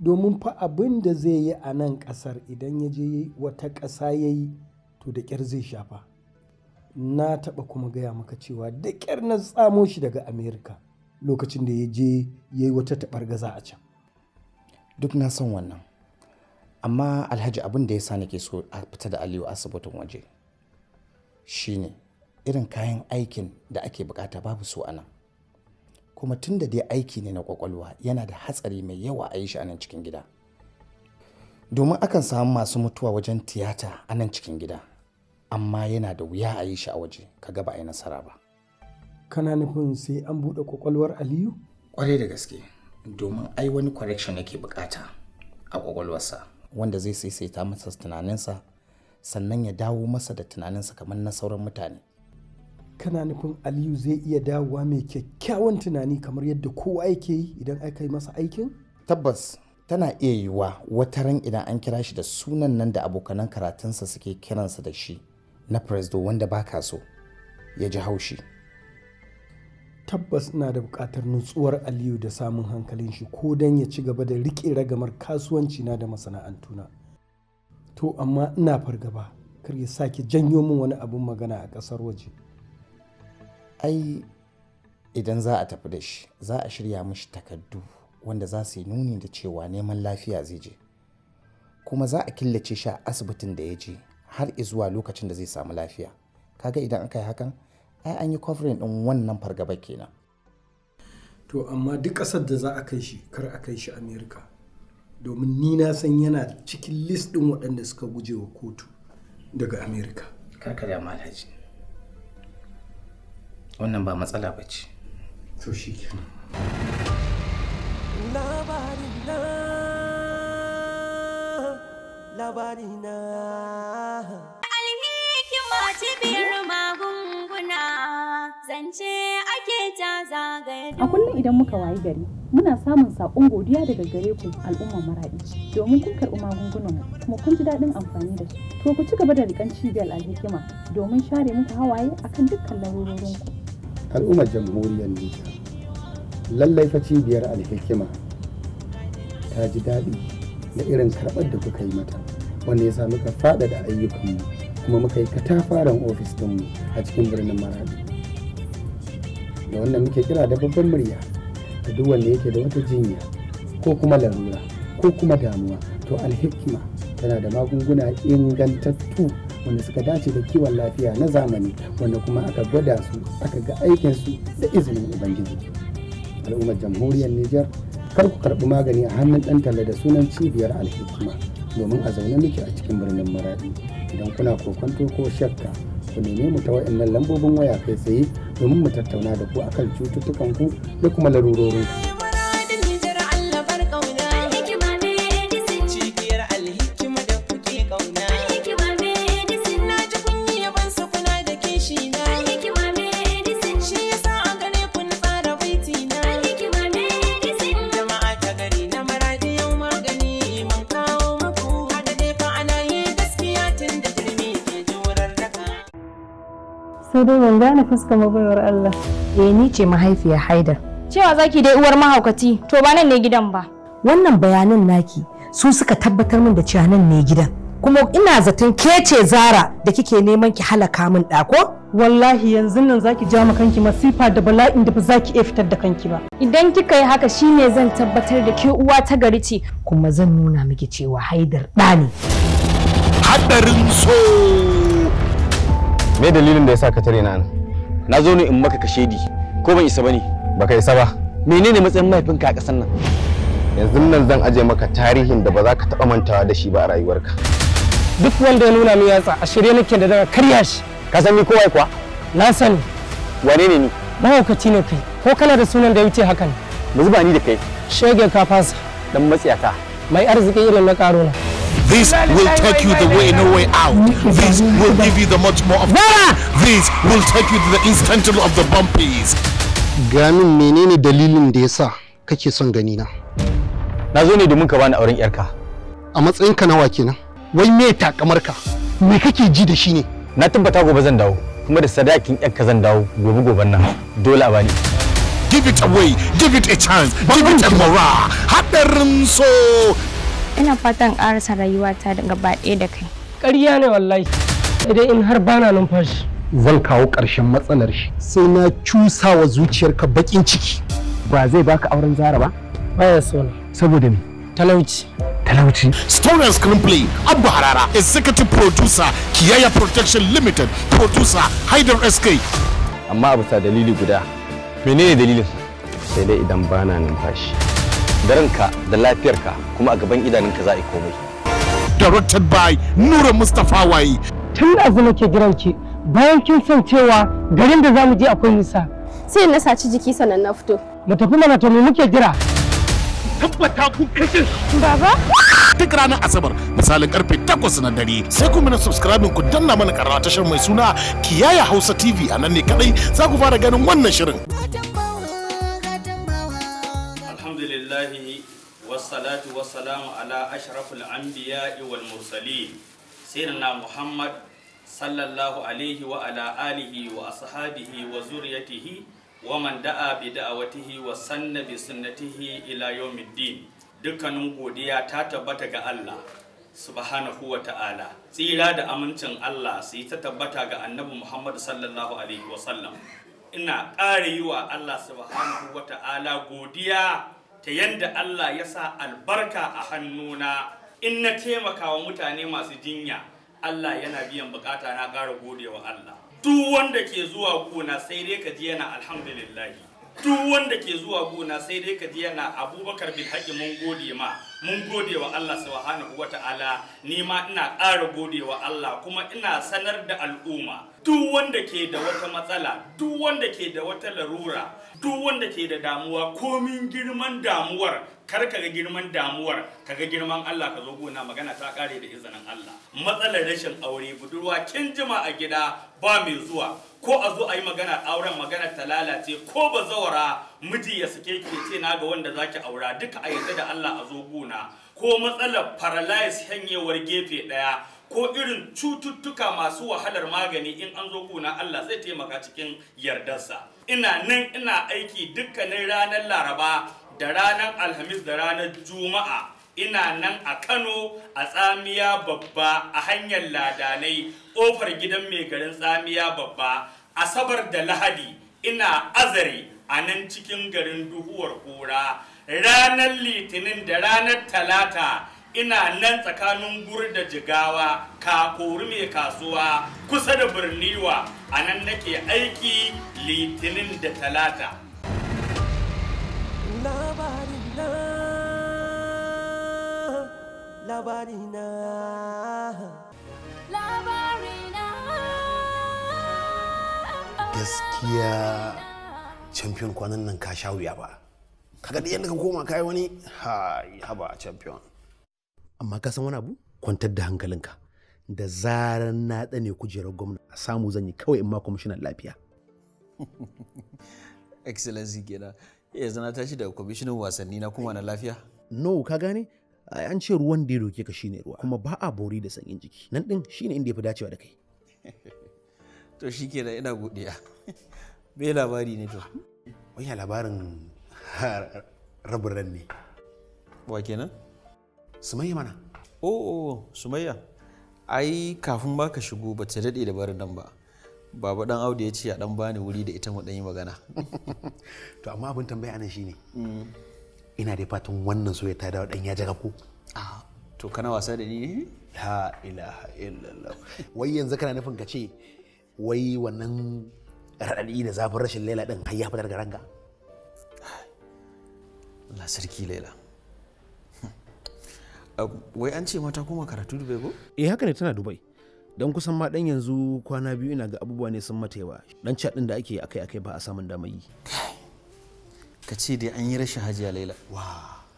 Domin fa abin da zai yi a nan ƙasar idan ya je wata ƙasa ya yi to da ƙyar zai shafa. Na taɓa kuma gaya maka cewa da ƙyar na tsamo shi daga Amerika lokacin da ya je ya yi wata gaza a can. Duk na son wannan. Amma Alhaji abin da ya sa nake so a fita da Aliyu asibitin waje shine irin kayan aikin da ake bukata babu su a nan kuma tun da dai aiki ne na kwakwalwa yana da hatsari mai yawa a yi shi anan cikin gida domin akan samu masu mutuwa wajen tiyata a nan cikin gida amma yana da wuya a yi shi a waje kaga ba a yi nasara ba kana nufin sai an buɗe kwakwalwar aliyu kwarai da gaske domin ai wani correction yake bukata a kwakwalwarsa wanda zai saisaita masa tunaninsa sannan ya dawo masa da tunaninsa kamar na sauran mutane kana nufin aliyu zai iya dawowa mai kyakkyawan tunani kamar yadda kowa yake yi idan aka yi masa aikin tabbas tana iya yiwuwa wata ran idan an kira shi da sunan nan da abokanan karatunsa suke kiransa da shi na presdo wanda baka so ya ji haushi tabbas ina da buƙatar nutsuwar aliyu da samun hankalin shi ko don ya ci gaba da riƙe ragamar kasuwanci na da masana'antuna to amma ina fargaba kar ya sake janyo min wani abin magana a ƙasar waje ai idan za a tafi da shi za a shirya mashi takardu wanda za su yi nuni da cewa neman lafiya zai je kuma za a killace shi a asibitin da ya je har zuwa lokacin da zai samu lafiya kaga idan aka yi hakan ai an yi covering din wannan fargaba kenan to amma duk ƙasar da za a kai shi kar a kai shi amerika domin ni na san yana cikin list ɗin waɗanda suka guje wa kotu daga amerika karkar ya malhaji wannan ba matsala ba ce to shi kenan labari na alhikima cibiyar magunguna zance ake ta zagaye a kullum idan muka wayi gari muna samun saƙon godiya daga gare ku al'ummar maraɗi domin kun karɓi magungunan kuma kun ji daɗin amfani da su to ku ci gaba da riƙan cibiyar alhikima domin share muku hawaye akan dukkan larurorin ku al'ummar jamhuriyar Nijar. Lallai fa cibiyar alhikima ta ji daɗi da irin karɓar da kuka yi mata wanda ya sa muka da ayyukanmu kuma muka yi katafaren ofis ɗinmu a cikin birnin Maradi. Da wannan muke kira da babban murya da duk wanda yake da wata jinya ko kuma larura ko kuma damuwa to alhikima tana da magunguna ingantattu wanda suka dace da kiwon lafiya na zamani wanda kuma aka gwada su aka ga aikinsu da izinin ubangiji al'ummar jamhuriyar niger kar ku karɓi magani a hannun ɗan talla da sunan cibiyar alhikima domin a zaune muke a cikin birnin maradi idan kuna kokonto ko shakka ku nemi mu ta wa'annan lambobin waya kai tsaye domin mu tattauna da ku akan cututtukan ku da kuma larurorin ku sai dai ban gane fuskar mabayar Allah eh ni ce mahaifiya Haidar cewa zaki dai uwar mahaukaci to ba nan ne gidan ba wannan bayanan naki su suka tabbatar min da cewa nan ne gidan kuma ina zaton ke ce Zara da kike neman ki halaka min ɗako? Wallahi yanzu nan zaki ja ma kanki masifa da bala'in da ba za iya fitar da kanki ba. Idan kika yi haka shine zan tabbatar da ke uwa ta gari ce. Kuma zan nuna miki cewa haidar ɗa ne. Haɗarin so. me dalilin da yasa ka tare na nan na zo ne in maka kashedi ko ban isa bane baka isa ba menene matsayin mahaifinka a ƙasar nan yanzu nan zan aje maka tarihin da ba za ka taɓa mantawa da shi ba a rayuwarka duk wanda ya nuna min yatsa a shirye nake da daga karya shi ka san ni kowa kuwa na sani wane ne ni mahaukaci ne kai ko kana da sunan da ya wuce hakan mu zuba ni da kai shege ka fasa dan matsiyata mai arziki irin na na. This will take you the way, no way out. This will give you the much more of. This will take you to the instant of the bumpies. Gamin menene dalilin da yasa kake son gani na? Na zo ne domin ka bani auren yarka. A matsayin matsayinka nawa kenan? Wai me ka? Me kake ji da shi ne? Na tabbata gobe zan dawo. kuma da sadakin yarka zan dawo gobe goben nan dole a bani give it away give it a chance give it a morale Haɗarin so ina fatan karasa rayuwata da gaba ɗaya da kai ƙarya ne wallahi idan in har bana numfashi zan kawo ƙarshen matsalar shi sai na cusawa zuciyarka baƙin ciki ba zai baka auren zara ba baya so saboda me talauci talauci story and screenplay abba harara executive producer kiyaya protection limited producer haidar sk amma a bisa dalili guda menene dalilin sai dai idan bana numfashi da ranka da lafiyarka kuma a gaban idanunka za a yi komai. Directed by Nura Mustapha Waye. Tun da ke nake ki? bayan kin san cewa garin da zamu je akwai nisa. Sai na saci jiki sannan na fito. Mu tafi mana to mu muke jira. Tabbata kun kashe Baba. Duk ranar Asabar misalin karfe 8 na dare sai ku mana subscribing ku danna mana karatu tashar mai suna Kiyaya Hausa TV a nan ne kadai za ku fara ganin wannan shirin. والصلاة والسلام على أشرف الأنبياء والمرسلين سيدنا محمد صلى الله عليه وعلى آله وأصحابه وزريته ومن دعا بدعوته وسن بسنته إلى يوم الدين dukkanin godiya ta tabbata ga Allah subhanahu wa ta'ala tsira da amincin Allah su yi ta tabbata ga annabi Muhammad sallallahu ina ƙara yi wa Allah ta'ala godiya ta yadda Allah ya sa albarka a hannuna in na taimaka wa mutane masu jinya Allah yana biyan bukata na ƙara godewa Allah duk wanda ke zuwa kuna sai dai ka ji yana alhamdulillahi. duk wanda ke zuwa gona sai dai ka ji yana abubakar bin haƙi mun gode ma mun gode wa Allah subhanahu wa ta'ala ni ma ina ƙara gode wa Allah kuma ina sanar da al'umma duk wanda ke da wata matsala duk wanda ke da wata larura duk wanda ke da damuwa komin girman damuwar kar ka ga girman damuwar ka ga girman Allah ka zo gona magana ta kare da izinin Allah matsalar rashin aure budurwa kin jima a gida ba mai zuwa ko a zo a yi magana auren magana ta lalace ko ba zawara miji ya sake ki ce na ga wanda zaki aura duka a yarda da Allah a zo gona ko matsalar paralyze hanyewar gefe daya ko irin cututtuka masu wahalar magani in an zo gona Allah zai taimaka cikin yardarsa ina nan ina aiki dukkanin ranar laraba da ranar alhamis da ranar juma'a ina nan a kano a tsamiya babba a hanyar ladanai ƙofar gidan mai garin tsamiya babba asabar da lahadi ina azare a nan cikin garin duhuwar kura ranar litinin da ranar talata ina nan tsakanin gur da jigawa kakori mai kasuwa kusa da birniwa a nan nake aiki litinin da talata labarina labarina gaskiya champion kwanan nan ka sha wuya ba kaga da yadda ka koma kai wani ha haba champion amma ka san wani abu kwantar da hankalinka da zarar na ɗane kujerar gwamna a samu zan yi kawai in ma kwamishinan lafiya excellency kenan yanzu na tashi da kwamishinan wasanni na kuma na lafiya no ka gane an ce ruwan da ya doke ka shine ruwa kuma ba a bori da sanyin jiki nan din shine inda ya fi dacewa da kai to shikenan ina godiya me labari ne to wai ya labarin rabin ran ne wa kenan sumayya mana oh, oh, oh sumayya ai kafin ba ka shigo ba ta daɗe da barin nan ba baba dan audu ya ce a dan bani wuri da ita mu dan yi magana to amma abin tambaya anan shine mm. ina da fatan wannan so ya ta wa dan ya jaga ko to kana wasa da ni ne la ilaha illallah wai yanzu kana nufin ka ce wai wannan raɗaɗi da zafin rashin laila ɗin har ya fitar ga ranga. Allah sarki laila hm. wai an ce mata kuma karatu dubai ko eh haka ne tana dubai don kusan ma dan yanzu kwana biyu ina ga abubuwa ne sun mata yawa dan chat da ake akai akai ba a samun damar yi ka ce dai an yi rashin hajiya laila wa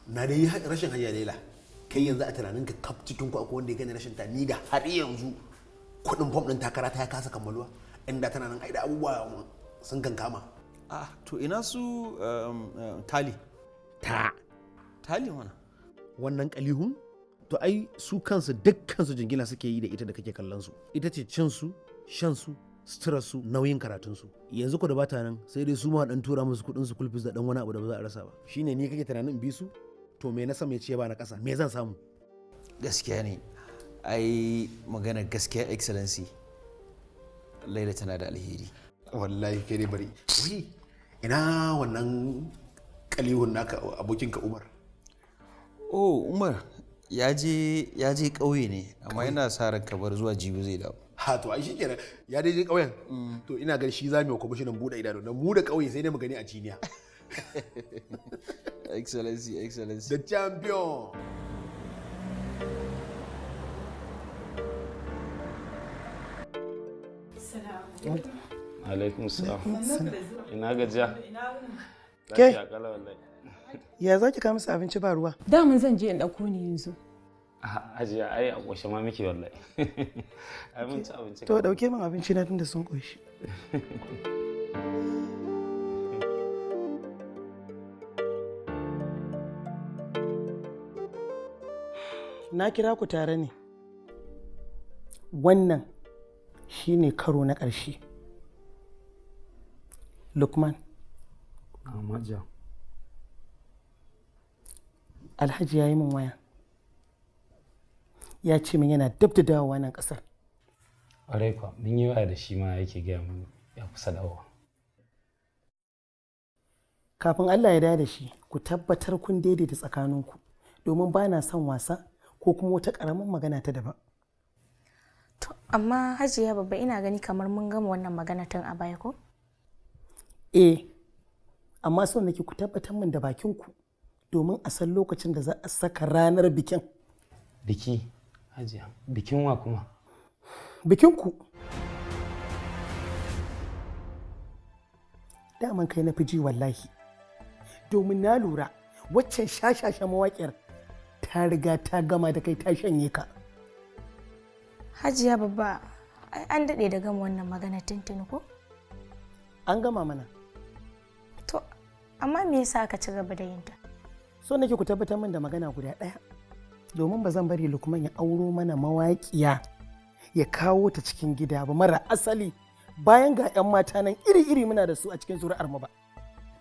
na dai rashin hajiya laila kai yanzu a tunanin ka kaf cikin ku akwai wanda ya gani rashin ta ni da har yanzu kuɗin fom ɗin takara ta ya kasa kammaluwa inda tana nan aida abubuwa sun kankama a to ina su um, um, tali ta tali mana wannan kalihun to ai su kansu dukkan su jingina suke yi da ita da kake kallon su ita ce cin su shan su su nauyin karatun su yanzu ku da bata nan sai dai su ma dan tura musu kuɗin su kulfis da dan wani abu da ba za a rasa ba shine ni kake tunanin bi su to me na sama ya ce ba na ƙasa me zan samu gaskiya ne ai magana gaskiya excellency laila tana da alheri wallahi kai dai bari ina wannan kalihun naka abokinka umar oh umar ya je ƙauye ne amma yana sa ran kabar zuwa jibi zai dawo ha to ai shikenan ya dai je kauyen mm. to ina ga shi zamu kwamishinan bude idanu na mu da kauye sai dai mu gani a jiniya excellency excellency the champion alaikum salam ina gajiya ke ya za ki kawo musu abinci ba ruwa da mun zan je in ɗauko ni yanzu Hajiya ai a ƙoshe ma muke wallahi. Abinci abinci. To dauke min abinci na tunda sun ƙoshi. Na kira ku tare ne. Wannan shi ne karo na ƙarshe. Lukman. Alhaji ya yi min waya. ya ce min yana dab da dawowa nan kasar ƙwarai kwa mun yi waya da shi ma yake gaya mu ya kusa dawowa kafin Allah ya dawo da shi ku tabbatar kun daidaita tsakaninku domin ba na son wasa ko kuma wata ƙaramin magana ta daban to amma hajiya babba ina gani kamar mun gama wannan magana tun a baya ko eh amma son nake ku tabbatar min da bakin ku domin a san lokacin da za a saka ranar bikin biki Hajiya, bikin wa kuma? Bikin ku. Daman kai na fi ji wallahi. Domin na lura waccan shashashen mawaƙiyar ta riga ta gama da kai ta shanye ka. Hajiya babba, an daɗe da gama wannan magana tuntuni ko? An gama mana. To, amma me yasa ka ci gaba da yinta? So nake ku tabbatar min da magana guda ɗaya. domin ba zan bari lukman ya auro mana mawaƙiya ya kawo ta cikin gida ba mara asali bayan ga 'yan mata nan iri-iri muna da su a cikin zuri'ar mu ba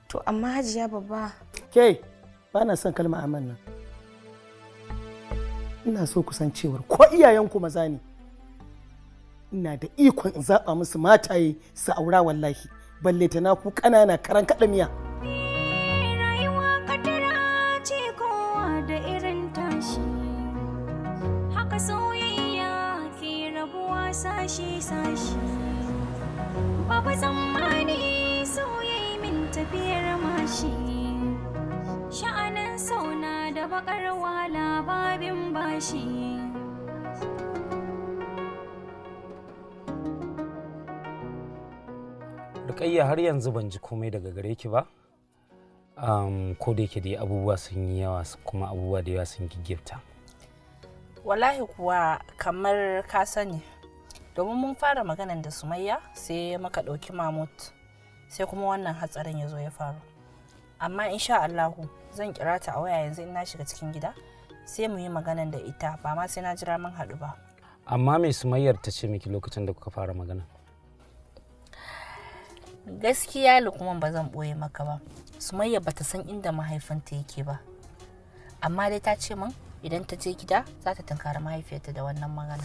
to amma hajiya babba ke ba na son kalma aman nan ina so kusan cewar ko iyayenku maza ne ina da ikon in zaɓa musu mataye su aura wallahi balle ta na ku ƙanana karan kaɗa miya. ba tsammani so min tafiyar mashi sha'anin sauna da bakar wahala babin bashi Rukayya har yanzu ban ji komai daga gare ki ba um, ko da yake dai abubuwa sun yi yawa kuma abubuwa da yawa sun gigirta wallahi kuwa kamar ka sani domin mun fara maganan da sumayya sai maka ɗauki mahmud sai kuma wannan hatsarin ya zo ya faru amma insha allahu zan kira ta a waya yanzu in na shiga cikin gida sai mu yi maganan da ita ba ma sai na jira mun haɗu ba amma mai sumayyar ta ce miki lokacin da kuka fara magana gaskiya lukuman ba zan ɓoye maka ba sumayya ba ta san inda mahaifinta yake ba amma dai ta ce min idan ta je gida za ta tunkari mahaifiyarta da wannan magana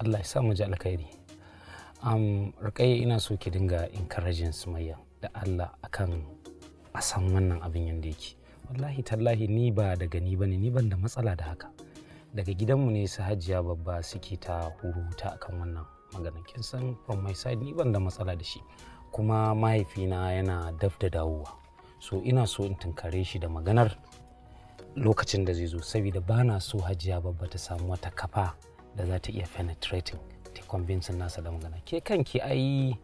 Allah ya sa mu ji alkhairi um, rukayya ina so ki dinga encouraging sumayya da Allah akan a san wannan abin yanda yake wallahi tallahi ni ba daga ni bane ni ban da matsala da haka daga gidanmu ne su hajiya babba suke ta huruta akan wannan maganin kin san from my side ni ban da matsala da shi kuma mahaifina yana daf da dawowa so ina so in tunkare shi da maganar lokacin da zai zo saboda ba na so hajiya babba ta samu wata kafa da za ta iya penetrating ta convincing nasa da magana ke kanki ai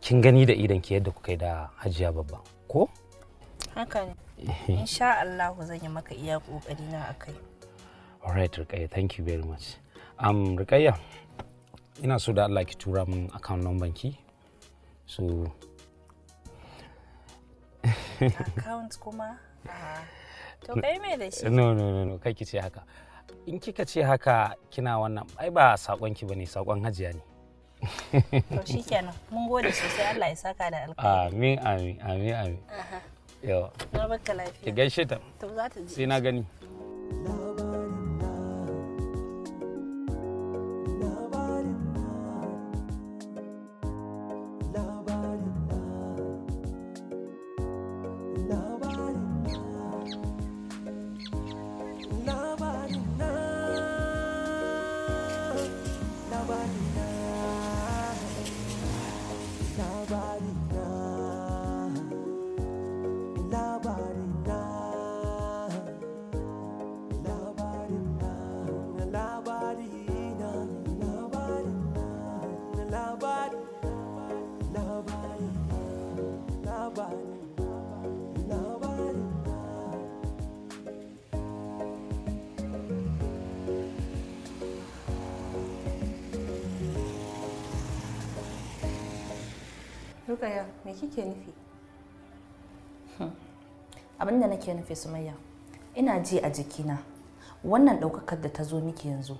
kin gani da idan ki yadda kuka yi da hajiya babba ko haka ne eh. insha Allah zan yi maka iya kokari na akai alright rikayya thank you very much um rikayya ina so da Allah ki tura min account number ki so account kuma to kai me da shi no no no kai ki ce haka in kika ce haka kina wannan ai ba sakonki ki bane sakon hajiya ne to shikenan mun gode sosai Allah ya saka da alƙawari amin amin amin amin yo na barka lafiya ki gaishe ta to za ta ji sai na gani Rukaya, me kike nufi? Hmm. Abin da nake nufi Sumayya, ina ji a jikina. Wannan ɗaukakar da ta zo miki yanzu,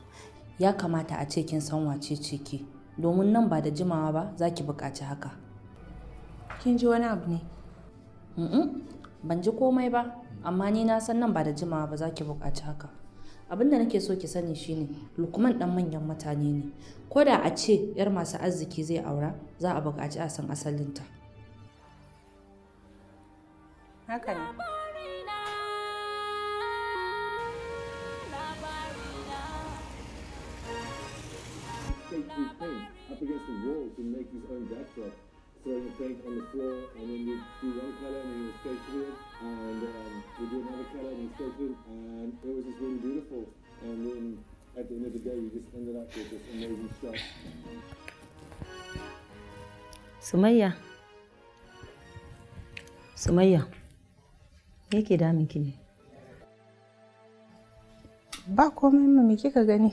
ya kamata a ce kin san wace ce ke, domin nan ba da jimawa ba za ki buƙaci haka. kin ji wani abu ne ban ji komai ba amma ni na san nan ba da jimawa ba za ki buƙaci haka abin da nake so ki sani shine lukman dan manyan mutane ne ko da a ce yar masu arziki zai aura za a buƙaci a san asalinta haka ne you, thank you. up against the wall to make his own backdrop the paint on the floor, and then you do one color and then you stay through it, and um, you do another color and you stay through it, and it was just really beautiful. And then at the end of the day, you just ended up with this amazing shot. Sumaya. Sumayya. Me yake daminki ne? Ba komai mu me kika gani?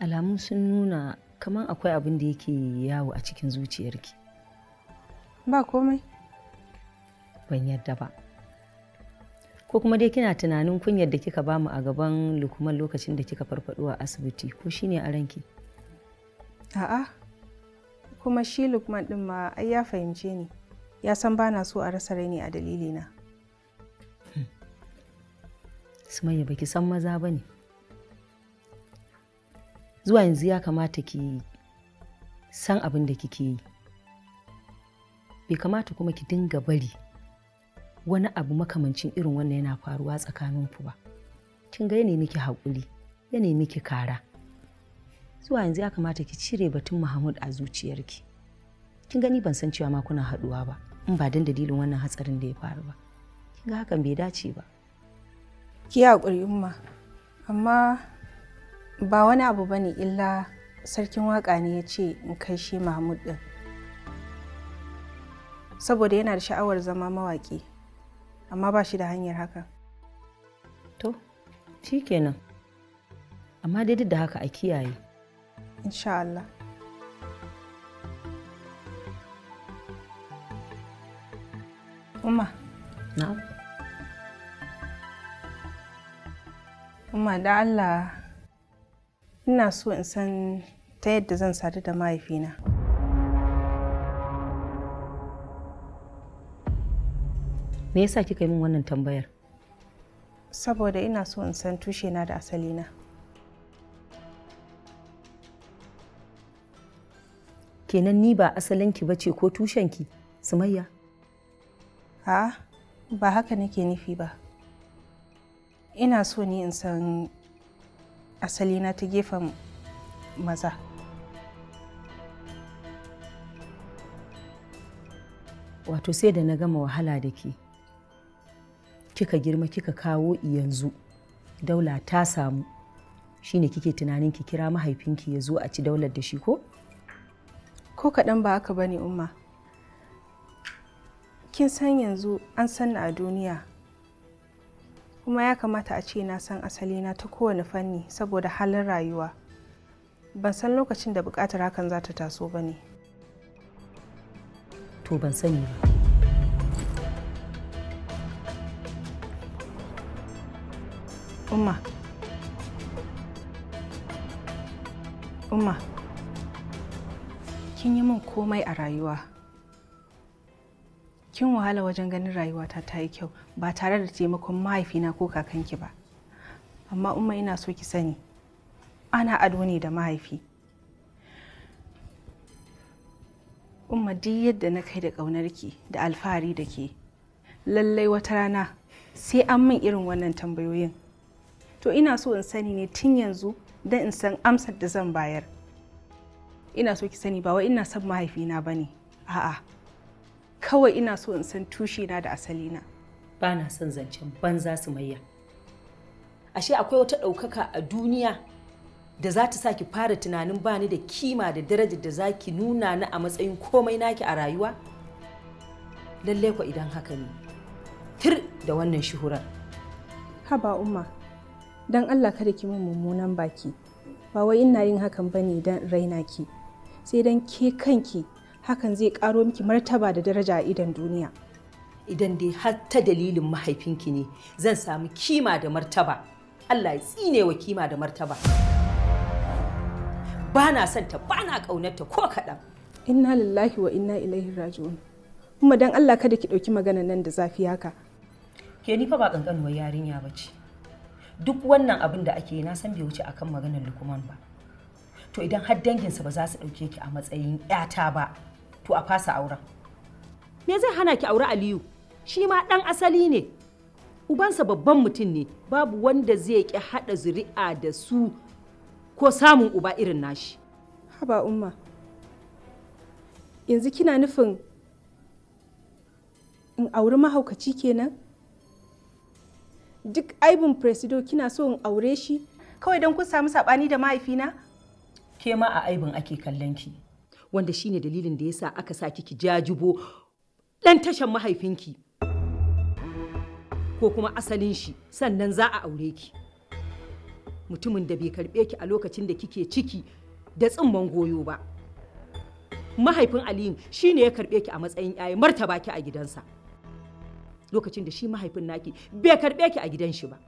Alamun sun nuna kamar akwai abin da yake yawo a cikin zuciyarki ba komai ban yarda ba ko kuma dai kina tunanin kunyar da kika bamu a gaban lukuman lokacin da kika farfado a asibiti ko shine a ranki a'a kuma shi lukman din ma ai ya fahimce ni ya san bana so a rasa raini a dalilina sumayya baki san maza ba ne. zuwa yanzu ya kamata ki san abin da kike yi bai kamata kuma ki dinga bari wani abu makamancin irin wannan yana faruwa tsakanin ku ba kin ga ya nemi haƙuri ya nemi kara zuwa yanzu ya kamata ki cire batun Mahmud a zuciyarki kin gani ban san cewa ma kuna haɗuwa ba in ba dan dalilin wannan hatsarin da ya faru ba kin ga hakan bai dace ba ki haƙuri umma amma ba wani abu bane illa sarkin waka ne ya ce in kai shi mahmud din saboda yana da sha'awar zama mawaƙi amma ba shi da hanyar hakan to shikenan amma dai duk da haka a kiyaye insha Allah Umma. Na'am. Umma da Allah ina so in san ta yadda zan sadu da mahaifina me yasa kika yi min wannan tambayar saboda ina so in san tushe na da asalina kenan ni ba asalinki ba ce ko tushenki sumayya a'a ba haka nake nufi ba ina so ni in san asali na ta gefen maza wato sai da na gama wahala da ke kika girma kika kawo yanzu daula ta samu shine kike tunanin ki kira mahaifinki ya zo a ci daular da shi ko ko kaɗan ba haka ne umma kin san yanzu an sanna a duniya kuma ya kamata a ce na san asalina ta kowane fanni saboda halin rayuwa ban san lokacin da bukatar hakan za ta taso ba ne to ban sani ba umma umma kin yi min komai a rayuwa kin wahala wajen ganin rayuwata ta yi kyau ba tare da taimakon mahaifina ko kakanki ba amma umma ina so ki sani ana ado ne da mahaifi umma duk yadda na kai da ƙaunarki da alfahari da ke lallai wata rana sai an min irin wannan tambayoyin to ina so in sani ne tun yanzu don in san amsar da zan bayar ina so ki sani ba wai ina son mahaifina ba ne a'a kawai ina so in san tushe na da asali na ba na son zancen banza su mayya ashe akwai wata ɗaukaka a duniya da za ta sa ki fara tunanin ba ni da kima da darajar da za ki nuna ni a matsayin komai naki a rayuwa lalle ku idan haka ne tir da wannan shuhurar haba umma don allah kada ki min mummunan baki ba wai ina yin hakan ba ne don raina ki sai don ke kanki hakan zai karo miki martaba da daraja a idan duniya idan dai har ta dalilin mahaifinki ne zan samu kima da martaba Allah ya tsine wa kima da martaba ba na son ta ba na ƙaunarta ko kaɗan inna lillahi wa inna ilaihi raji'un kuma dan Allah kada ki ɗauki maganan nan da zafi haka ke ni fa ba ƙanƙanuwar yarinya ba ce duk wannan abin da ake yi na san bai wuce akan maganar lukman ba to idan har danginsa ba za su ɗauke ki a matsayin 'yata ba to a fasa auren me zai hana ki aure aliyu shi ma ɗan asali ne ubansa babban mutum ne babu wanda zai ki haɗa zuri'a da su ko samun uba irin nashi haba umma yanzu kina nufin in auri mahaukaci kenan duk aibin presido kina so in aure shi kawai don kun samu saɓani da mahaifina ke ma a aibin ake kallon ki wanda shine dalilin da yasa aka sa kiki jajibo dan tashan mahaifinki ko kuma asalin shi sannan za a aure ki mutumin da bai karbe ki a lokacin da kike ciki da tsimman goyo ba mahaifin aliyu shine ya karbe ki a matsayin yayi martaba ki a gidansa lokacin da shi mahaifin naki bai karbe ki a gidan shi ba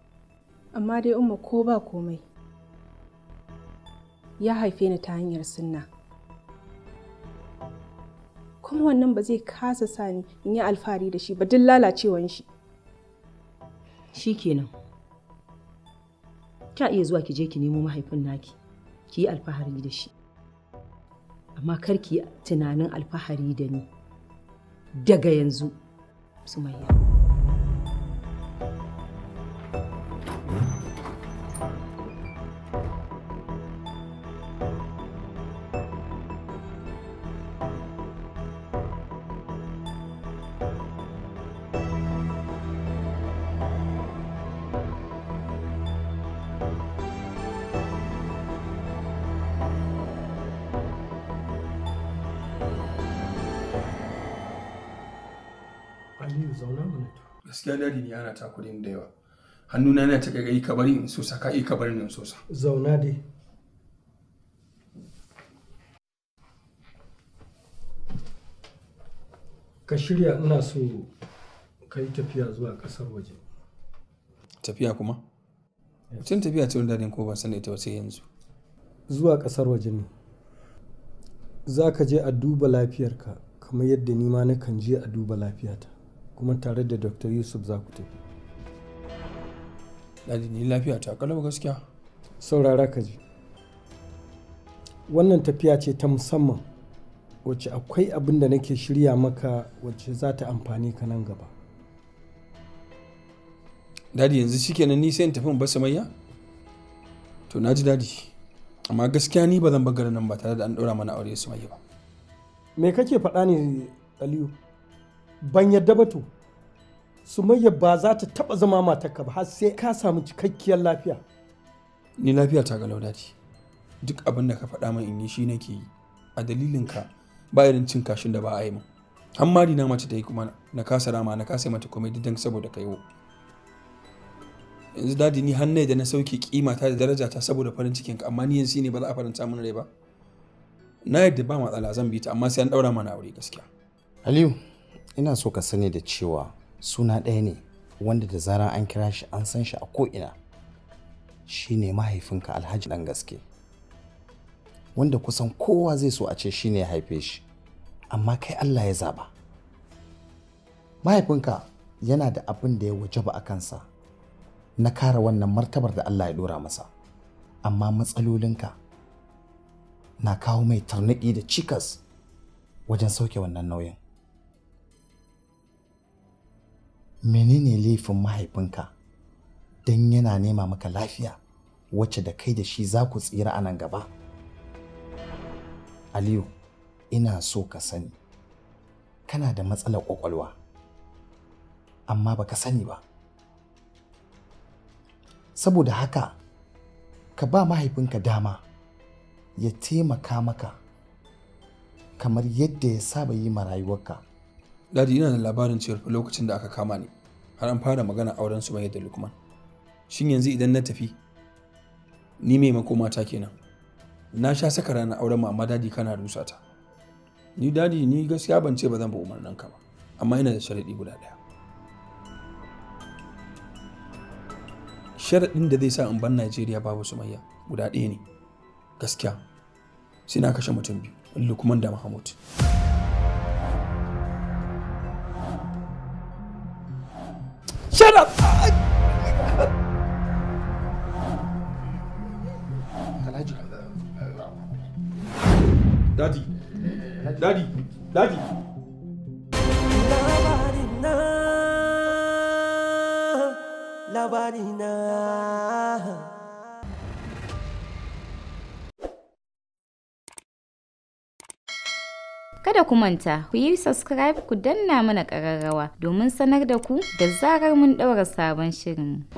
amma dai umma ko ba komai ya haife ni ta hanyar sunna kuma wannan ba zai kasa sa ni in yi alfahari da shi ba duk lalacewan shi shi kenan kya iya zuwa ki je ki nemo mahaifin naki ki yi alfahari da shi amma kar ki tunanin alfahari da ni daga yanzu sumayya gaskiya dadi ne ana takurin da yawa hannuna yana ta kai ka in so sosa ka kabari nan so sa zauna dai ka shirya ina so ka yi tafiya zuwa kasar waje tafiya kuma tun tafiya ce wanda ko ban sani ita ba yanzu zuwa kasar waje ne za ka je a duba lafiyarka kamar yadda nima na kan je a duba lafiyata kuma tare da dr yusuf za ku tafi daji lafiya ta kalau gaskiya saurara ka ji wannan tafiya ce ta musamman wacce akwai abin da nake shirya maka wacce za ta amfani ka nan gaba dadi yanzu shikenan ni sai in tafi ba samayya to na ji dadi amma gaskiya ni ba zan bar garin nan ba tare da an ɗora mana aure su ba me kake faɗa ne aliyu ban yadda ba to sumayya ba za ta taba zama matarka ba har sai ka samu cikakkiyar lafiya ni lafiya ta ga laudaci duk abin da ka faɗa min in yi shi nake yi a dalilin ka ba irin cin kashin da ba a yi min ma na mace ta yi kuma na kasa rama na kasa mata komai didan saboda ka yiwo yanzu dadi ni hannu da na sauke kima ta da daraja ta saboda farin cikin ka amma ni yanzu ne ba za a faranta min rai ba na yadda ba matsala zan bi ta amma sai an daura mana aure gaskiya aliyu ina so ka sani da cewa suna ɗaya ne wanda da zarar an kira shi an san shi a ko'ina shi ne mahaifinka alhaji ɗan gaske wanda kusan kowa zai so a ce shine ya haife shi amma kai allah ya zaba mahaifinka yana da abin da ya wajaba a kansa na kara wannan martabar da allah ya dora masa amma matsalolinka na kawo mai tarnaƙi da cikas wajen sauke wannan nauyin menene laifin mahaifinka don yana nema maka lafiya wacce da kai da shi za ku tsira a nan gaba? Aliyu, ina so ka sani, kana da matsalar ƙwaƙwalwa, amma ba ka sani ba. Saboda haka, ka ba mahaifinka dama ya taimaka maka kamar yadda ya saba yi ma rayuwarka. Dadi yana da labarin cewar lokacin da aka kama ni har an fara magana auren su mai da Lukman. Shin yanzu idan na tafi ni mai makoma ta kenan. Na sha saka ranar auren mu amma dadi kana rusa ta. Ni dadi ni gaskiya ban ce ba zan ba umarnin ka ba amma ina da sharaɗi guda ɗaya. Sharaɗin da zai sa in ban Najeriya babu Sumayya guda ɗaya ne. Gaskiya sai kashe mutum biyu Lukman da Mahmud. Shut up! Alhaji. Daddy. Daddy. Daddy. Labarina. Labarina. Kada ku manta, ku yi subscribe ku danna mana ƙararrawa domin sanar da ku da zarar mun ɗaura sabon shirin.